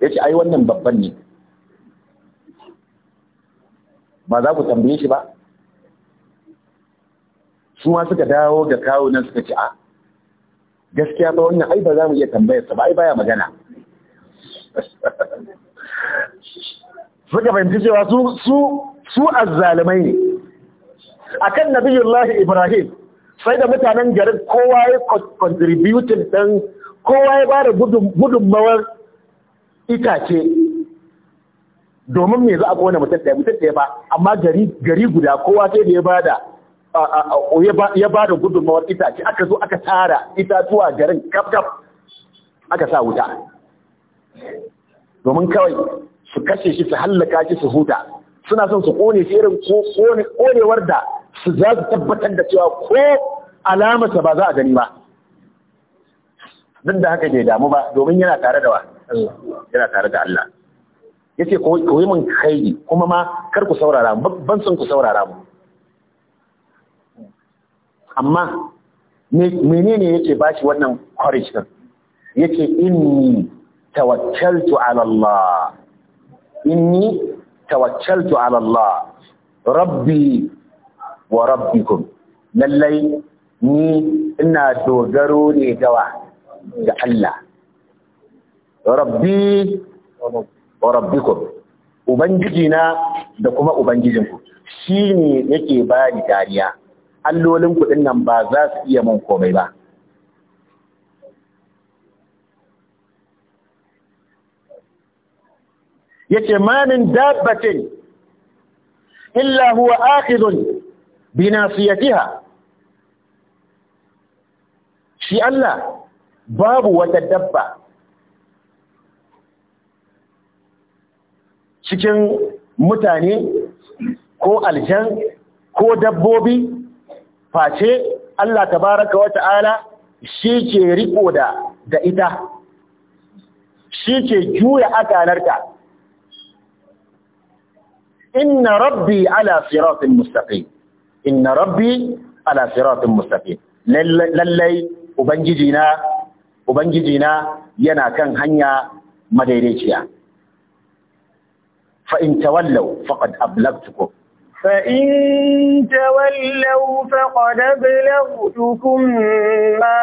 ya ce ai wannan babban ne ba za ku tambaye shi ba su ma suka dawo ga kawo nan suka ce a gaskiya ba wannan ai ba za mu iya tambayarsa ba ai baya magana suka fahimci cewa su su su azzalimai ne akan nabiyullahi ibrahim sai da mutanen garin kowa ya contributin ɗan kowa ya bada gudunmawar itace domin me za a kona mutum ɗaya mutum ba amma gari guda kowa sai da ya bada ya da gudunmawar itace aka zo aka tara itatuwa garin kaf kaf aka sa wuta domin kawai su kashe shi su hallaka shi su huta suna son su kone shi irin ko konewar da su za su tabbatar da cewa ko alamarsa ba za a gani ba duk da haka bai damu ba domin yana tare da wa yana tare da Allah yace ko yi min kai kuma ma kar ku saurara mu ban son ku saurara mu amma menene yake bashi wannan courage din yake inni tawakkaltu ala Allah inni tawakkaltu ala Allah rabbi wa rabbikum lallai ni ina dogaro ne gawa ga Allah rabbi wa rabbikum na da kuma ubangijinku shine yake bani dariya allolin kuɗin nan ba za su iya mun komai ba yace mamin dabbatin illa huwa akhidun bi nasiyatiha shi Allah babu wata dabba cikin mutane ko aljan ko dabbobi face Allah tabaraka wa ta'ala shi ke riko da ita shi ke juya akalarta إن ربي على صراط مستقيم إن ربي على صراط مستقيم للي أبنججنا أبنججنا ينا كان هنيا مديريتيا فإن تولوا فقد أبلغتكم فإن تولوا فقد أبلغتكم ما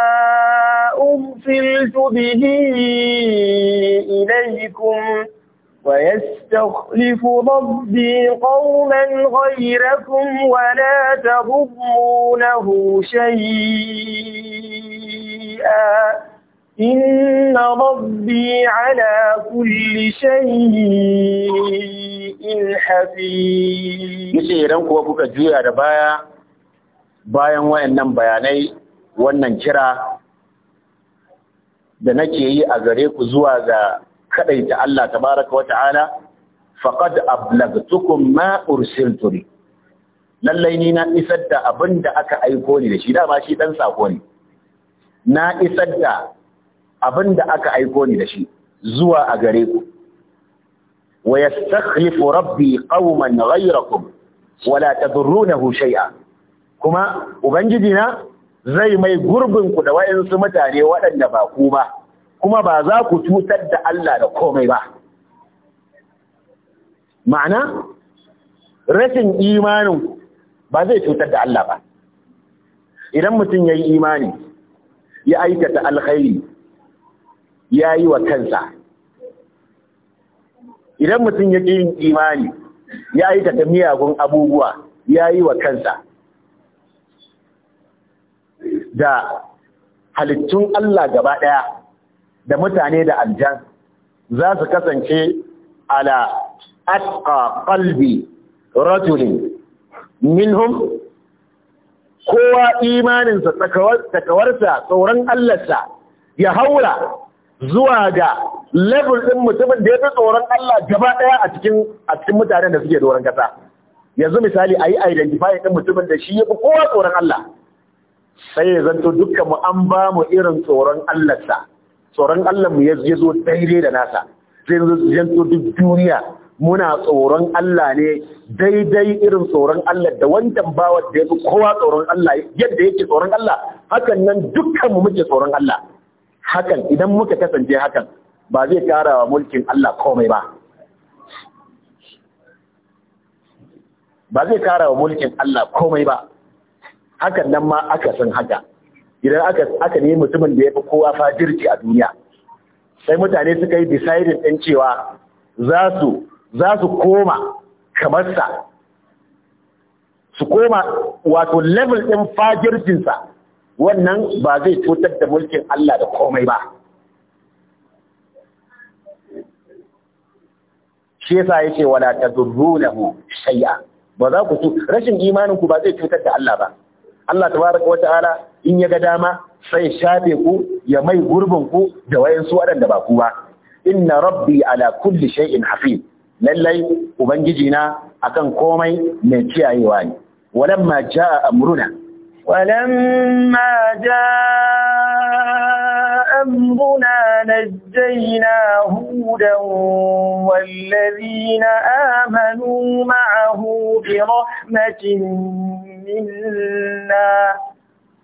أرسلت به إليكم ويستخلف ربي قوما غيركم ولا تضرونه شيئا إن ربي على كل شيء حفيظ yace idan kuwa kuka juya da baya bayan wayannan bayanai wannan kira da nake yi a gare ku zuwa ga kadaita Allah tabaraka wa ta'ala faqad ablagtukum ma ursiltu bi lallai ni na isar da abin da aka aiko ni da shi shi dan sako ne na isar da abin da aka aiko ni da shi zuwa a gare ku wa yastakhlifu rabbi qauman ghayrakum wala tadurrunahu shay'a kuma ubangiji na zai mai gurbin ku da wayansu mutane waɗanda ba ku ba kuma ba za ku cutar da Allah da komai ba ma'ana rashin imanin ba zai cutar da Allah ba idan mutum ya yi imani ya aikata alkhairi ya yi wa kansa idan mutum ya ƙi yin imani ya aikata miyagun abubuwa ya yi wa kansa da halittun Allah gaba ɗaya da mutane da aljan za su kasance ala atqa qalbi rajulin minhum kowa imaninsa takawarsa tsoron Allahnsa ya haura zuwa ga level ɗin mutumin da ya fi tsoron Allah gaba ɗaya a cikin mutanen da suke doron kasa yanzu misali a yi identify ɗin mutumin da shi ya fi kowa tsoron Allah sai ya zanto dukkan mu an ba mu irin tsoron sa. tsoron Allah mu ya zo daidai da nasa zai zanto duk duniya muna tsoron Allah ne daidai irin tsoron Allah da wancan bawa da ya kowa tsoron Allah yadda yake tsoron Allah hakan nan dukkanmu muke tsoron Allah hakan idan muka kasance hakan ba zai kara wa mulkin Allah komai ba ba zai kara wa mulkin Allah komai ba hakan nan ma aka san haka idan aka aka nemi mutumin da ya fi kowa fajirci a duniya sai mutane suka yi decided ɗin cewa za su koma kamar sa su koma wato level ɗin fajircinsa wannan ba zai cutar da mulkin Allah da komai ba shi yasa yace wala tadurrunahu shay'a ba za ku rashin imaninku ba zai cutar da Allah ba Allah tabaraka wa ta'ala in ya ga dama sai shafe ku ya mai gurbin ku da wayansu waɗanda ba ku ba inna rabbi ala kulli shay'in hafiz lallai ubangiji na akan komai mai kiyayewa ne walamma jaa amruna walamma jaa amruna najjayna hudan والذين آمنوا معه برحمة منا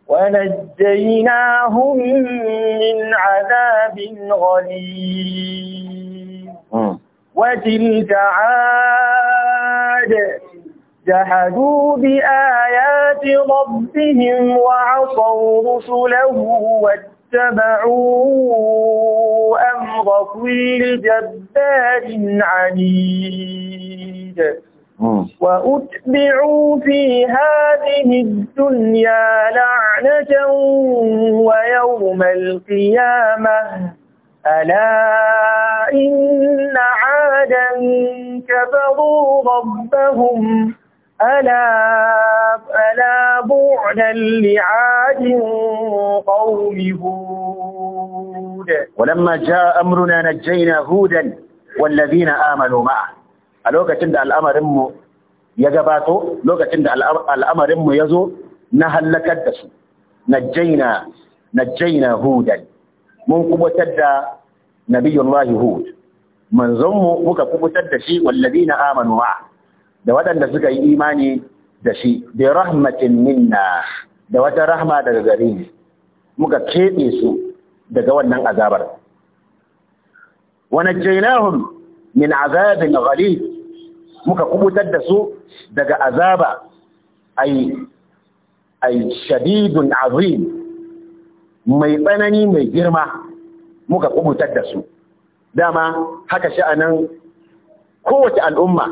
ونجيناهم من عذاب غليظ وتلك عاد جحدوا بآيات ربهم وعصوا رسله واتبعوا أمر كل جبار عنيد وأتبعوا في هذه الدنيا لعنة ويوم القيامة ألا إن عادا كفروا ربهم ألا ألا بعدا لعاد قوم هود ولما جاء أمرنا نجينا هودا والذين آمنوا معه a lokacin da al'amarinmu ya gabato lokacin da al'amarinmu ya zo na hallakar da su na jaina hudan mun kubutar da wahi hud manzonmu muka kubutar da shi wallazina amanu ma da waɗanda suka yi imani da shi da rahmatin minna da wata rahma daga gare muka keɓe su daga wannan azabar wa jainahun min azabin ghalib muka kubutar da su daga azaba a yi shadidun azim mai tsanani mai girma muka kubutar da su dama haka sha'anan kowace al'umma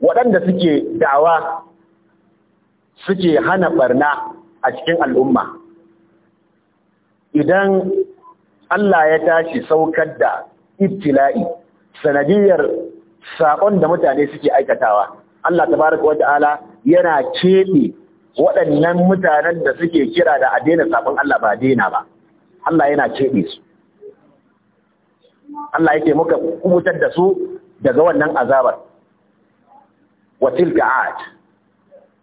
waɗanda suke da'awa suke hana barna a cikin al'umma idan Allah ya tashi saukar da ibtila'i sanadiyar saƙon da mutane suke aikatawa Allah Ta baraka wa ta'ala yana keɓe waɗannan mutanen da suke kira da a daina saƙon Allah ba daina ba Allah yana keɓe su Allah yake muka kubutar da su daga wannan azabar Watil tilka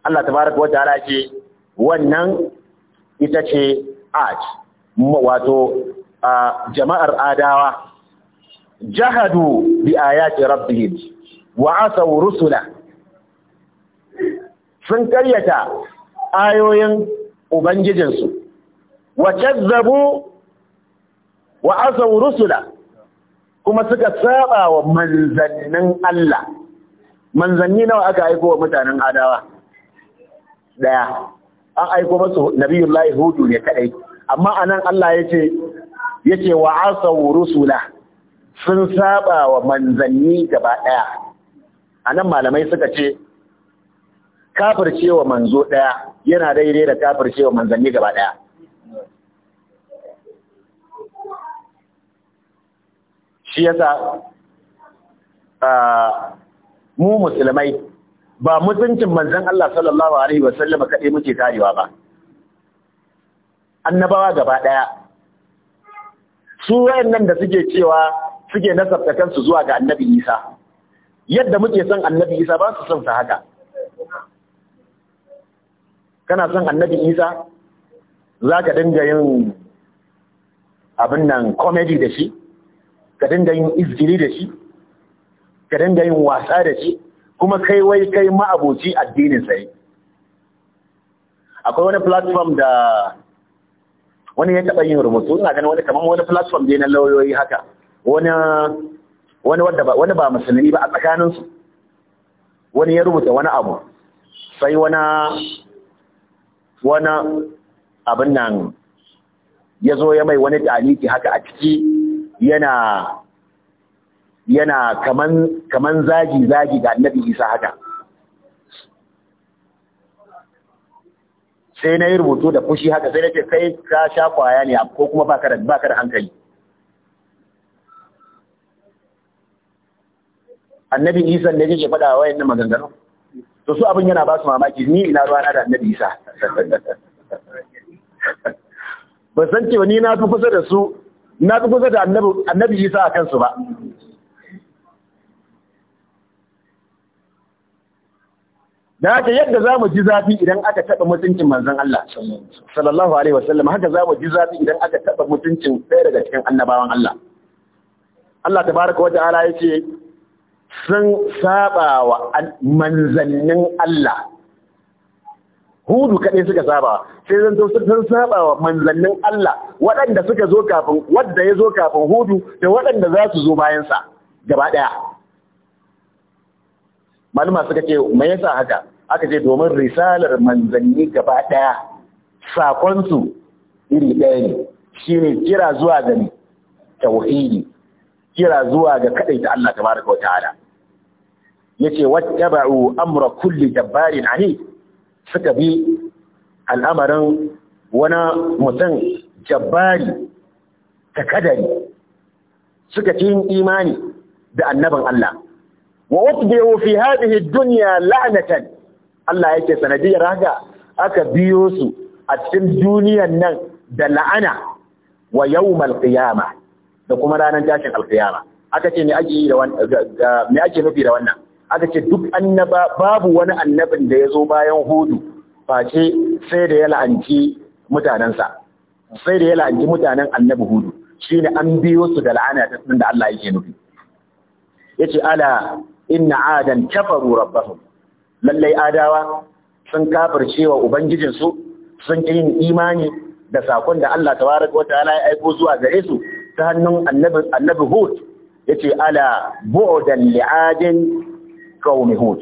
Allah Ta baraka wa ta'ala ce wannan ita ce ad wato jama'ar adawa jahadu bi ayati rabbihim wa asaw rusula sun karyata ayoyin ubangijinsu wa kazzabu wa asaw rusula kuma suka saba wa manzannin Allah manzanni nawa aka aiko wa mutanen adawa daya an aiko masu nabiyullahi hudu ne kadai amma anan Allah yace yace wa asaw rusula sun saba wa manzanni gaba ɗaya a nan malamai suka ce kafircewa manzo ɗaya yana daidai da kafircewa manzanni gaba ɗaya shi yasa mu musulmai ba mutuncin manzan Allah sallallahu Alaihi wasallam kaɗai muke karewa ba annabawa gaba ɗaya su nan da suke cewa suke nasabta kansu zuwa ga annabi isa yadda muke son annabi isa ba su son sa haka kana son annabi isa za ka dinga yin abin nan comedy da shi ka dinga yin izgiri da shi ka dinga yin wasa da shi kuma kai wai kai ma'aboci addinin sai akwai wani platform da wani ya taɓa yin rubutu ina ganin wani kamar wani platform da na lauyoyi haka wani ba wani ba musulmi ba a tsakanin su wani ya rubuta wani abu sai wani abin nan ya zo ya mai wani taliki haka a ciki yana yana kaman kaman zagi zagi ga annabi Isa haka sai na yi rubutu da fushi haka sai na ce kai ka sha kwaya ne ko kuma ba ka da hankali annabi isa ne yake faɗa wa wayannan maganganu to su abin yana ba su mamaki ni ina ruwa na da annabi isa ba san cewa ni na fi kusa da su na fi kusa da annabi isa a kansu ba da haka yadda za mu ji zafi idan aka taɓa mutuncin manzon Allah sallallahu alaihi wasallam haka za mu ji zafi idan aka taɓa mutuncin ɗaya daga cikin annabawan Allah Allah tabaraka wa ta'ala yace sun saba wa manzannin Allah hudu kaɗai suka saba sai zan zo sun saba wa manzannin Allah waɗanda suka zo kafin wadda ya zo kafin hudu da waɗanda za su zo bayansa gaba ɗaya malama suka ce me yasa haka aka ce domin risalar manzanni gaba ɗaya sakonsu iri ɗaya ne Shi ne kira zuwa ga tauhidi kira zuwa ga kaɗai ta Allah ta tabaraka wa ta'ala yace wattaba'u amra kulli jabbarin ani suka bi al'amarin wani mutum jabbari ta kadari suka ci imani da annabin Allah wa watbi'u fi hadhihi dunya la'natan Allah yake sanadiyar haka aka biyo su a cikin duniyar nan da la'ana wa yawmal qiyamah da kuma ranar tashin alqiyama aka ce me ake nufi da wannan aka ce duk annaba babu wani annabin da ya zo bayan hudu face sai da ya la'anci mutanensa sai da ya la'anci mutanen annabi hudu ne an biyo su da la'ana ta da Allah yake nufi Ya ce ala inna adan kafaru rabbahum lallai adawa sun cewa ubangijinsu sun ƙi yin imani da sakon da Allah tabaraka wataala ya aiko zuwa gare su ta hannun annabi hudu ya yace ala bu'dan li'adin qaumi hud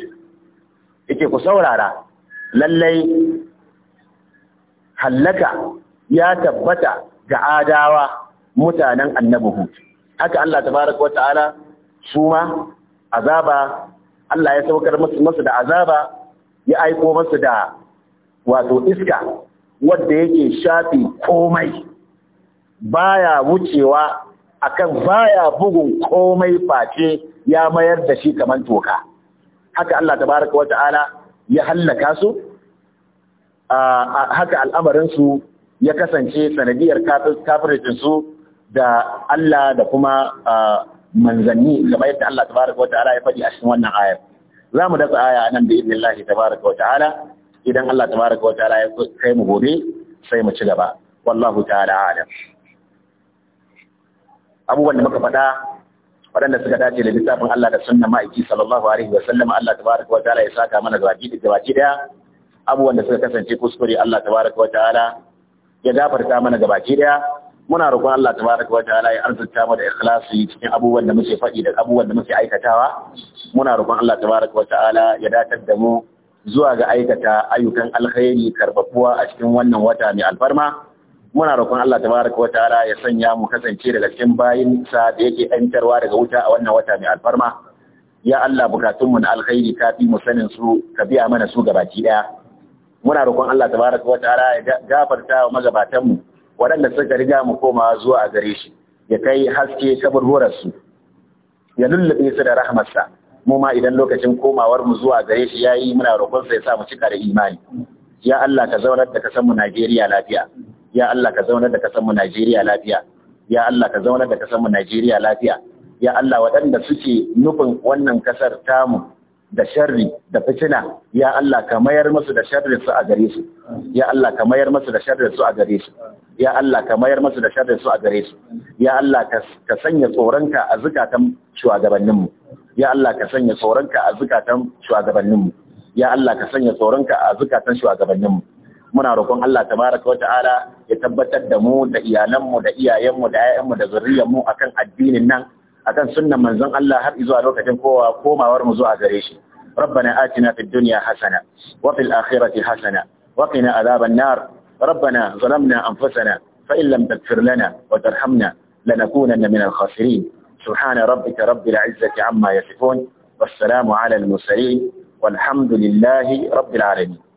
yake ku saurara lallai hallaka ya tabbata ga adawa mutanen annabi hud haka Allah tabaraka wa su ma azaba Allah ya saukar masu da azaba ya aiko masu da wato iska wadda yake shafi komai baya wucewa akan baya bugun komai face ya mayar da shi kamar toka haka Allah tabaraka wa ta'ala ya hallaka su haka al'amarin su ya kasance sanadiyar kafirin su da Allah da kuma manzanni kamar yadda Allah tabaraka wa ta'ala ya faɗi a cikin wannan ayar za mu dasa aya nan da idin Allah tabaraka wa ta'ala idan Allah tabaraka wa ta'ala ya kai mu gobe sai mu ci gaba wallahu ta'ala alam abubuwan da muka faɗa waɗanda suka dace da littafin Allah da sunna ma'aiki sallallahu alaihi wa sallam Allah tabaraka wa ta'ala ya saka mana gabaki da gabaki daya abubuwan da suka kasance kuskure Allah tabaraka wa ta'ala ya gafarta mana gabaki daya muna roƙon Allah tabaraka wa ta'ala ya arzuta mu da ikhlasi cikin abubuwan da muke faɗi da abubuwan da muke aikatawa muna roƙon Allah tabaraka wa ta'ala ya datar da mu zuwa ga aikata ayyukan alkhairi karbabuwa a cikin wannan wata mai alfarma muna roƙon Allah baraka wa ta'ala ya sanya mu kasance daga cikin bayin sa da yake ɗantarwa daga wuta a wannan wata mai alfarma ya Allah bukatun na alkhairi ka fi mu sanin su ka biya mana su gabaki daya muna roƙon Allah baraka wa ta'ala ya gafarta wa magabatan mu waɗanda suka riga mu koma zuwa gare shi ya kai haske horar su ya lullube su da rahmarsa mu ma idan lokacin komawar mu zuwa gare shi yayi muna roƙon sa ya sa mu cika da imani ya Allah ka zaunar da kasan mu Najeriya lafiya ya Allah ka zaunar da kasar mu Najeriya lafiya ya Allah ka zaunar da kasar mu Najeriya lafiya ya Allah waɗanda suke nufin wannan kasar tamu da sharri da fitina ya Allah ka mayar musu da sharri su a gare su ya Allah ka mayar musu da sharri su a gare su ya Allah ka mayar musu da sharri su a gare su ya Allah ka sanya tsoronka a zukatan shugabannin mu ya Allah ka sanya tsoronka a zukatan shugabannin mu ya Allah ka sanya tsoronka a zukatan shugabannin mu muna roƙon Allah tabaraka wa ta'ala ya tabbatar da mu da iyalanmu da iyayenmu da mu da mu akan addinin nan akan sunnan manzon Allah har zuwa lokacin kowa komawar mu zuwa gare shi ربنا آتنا في الدنيا حسنة وفي الآخرة حسنة وقنا عذاب النار ربنا ظلمنا أنفسنا فإن لم تغفر لنا وترحمنا لنكونن من الخاسرين سبحان ربك رب العزة عما يصفون والسلام على المرسلين والحمد لله رب العالمين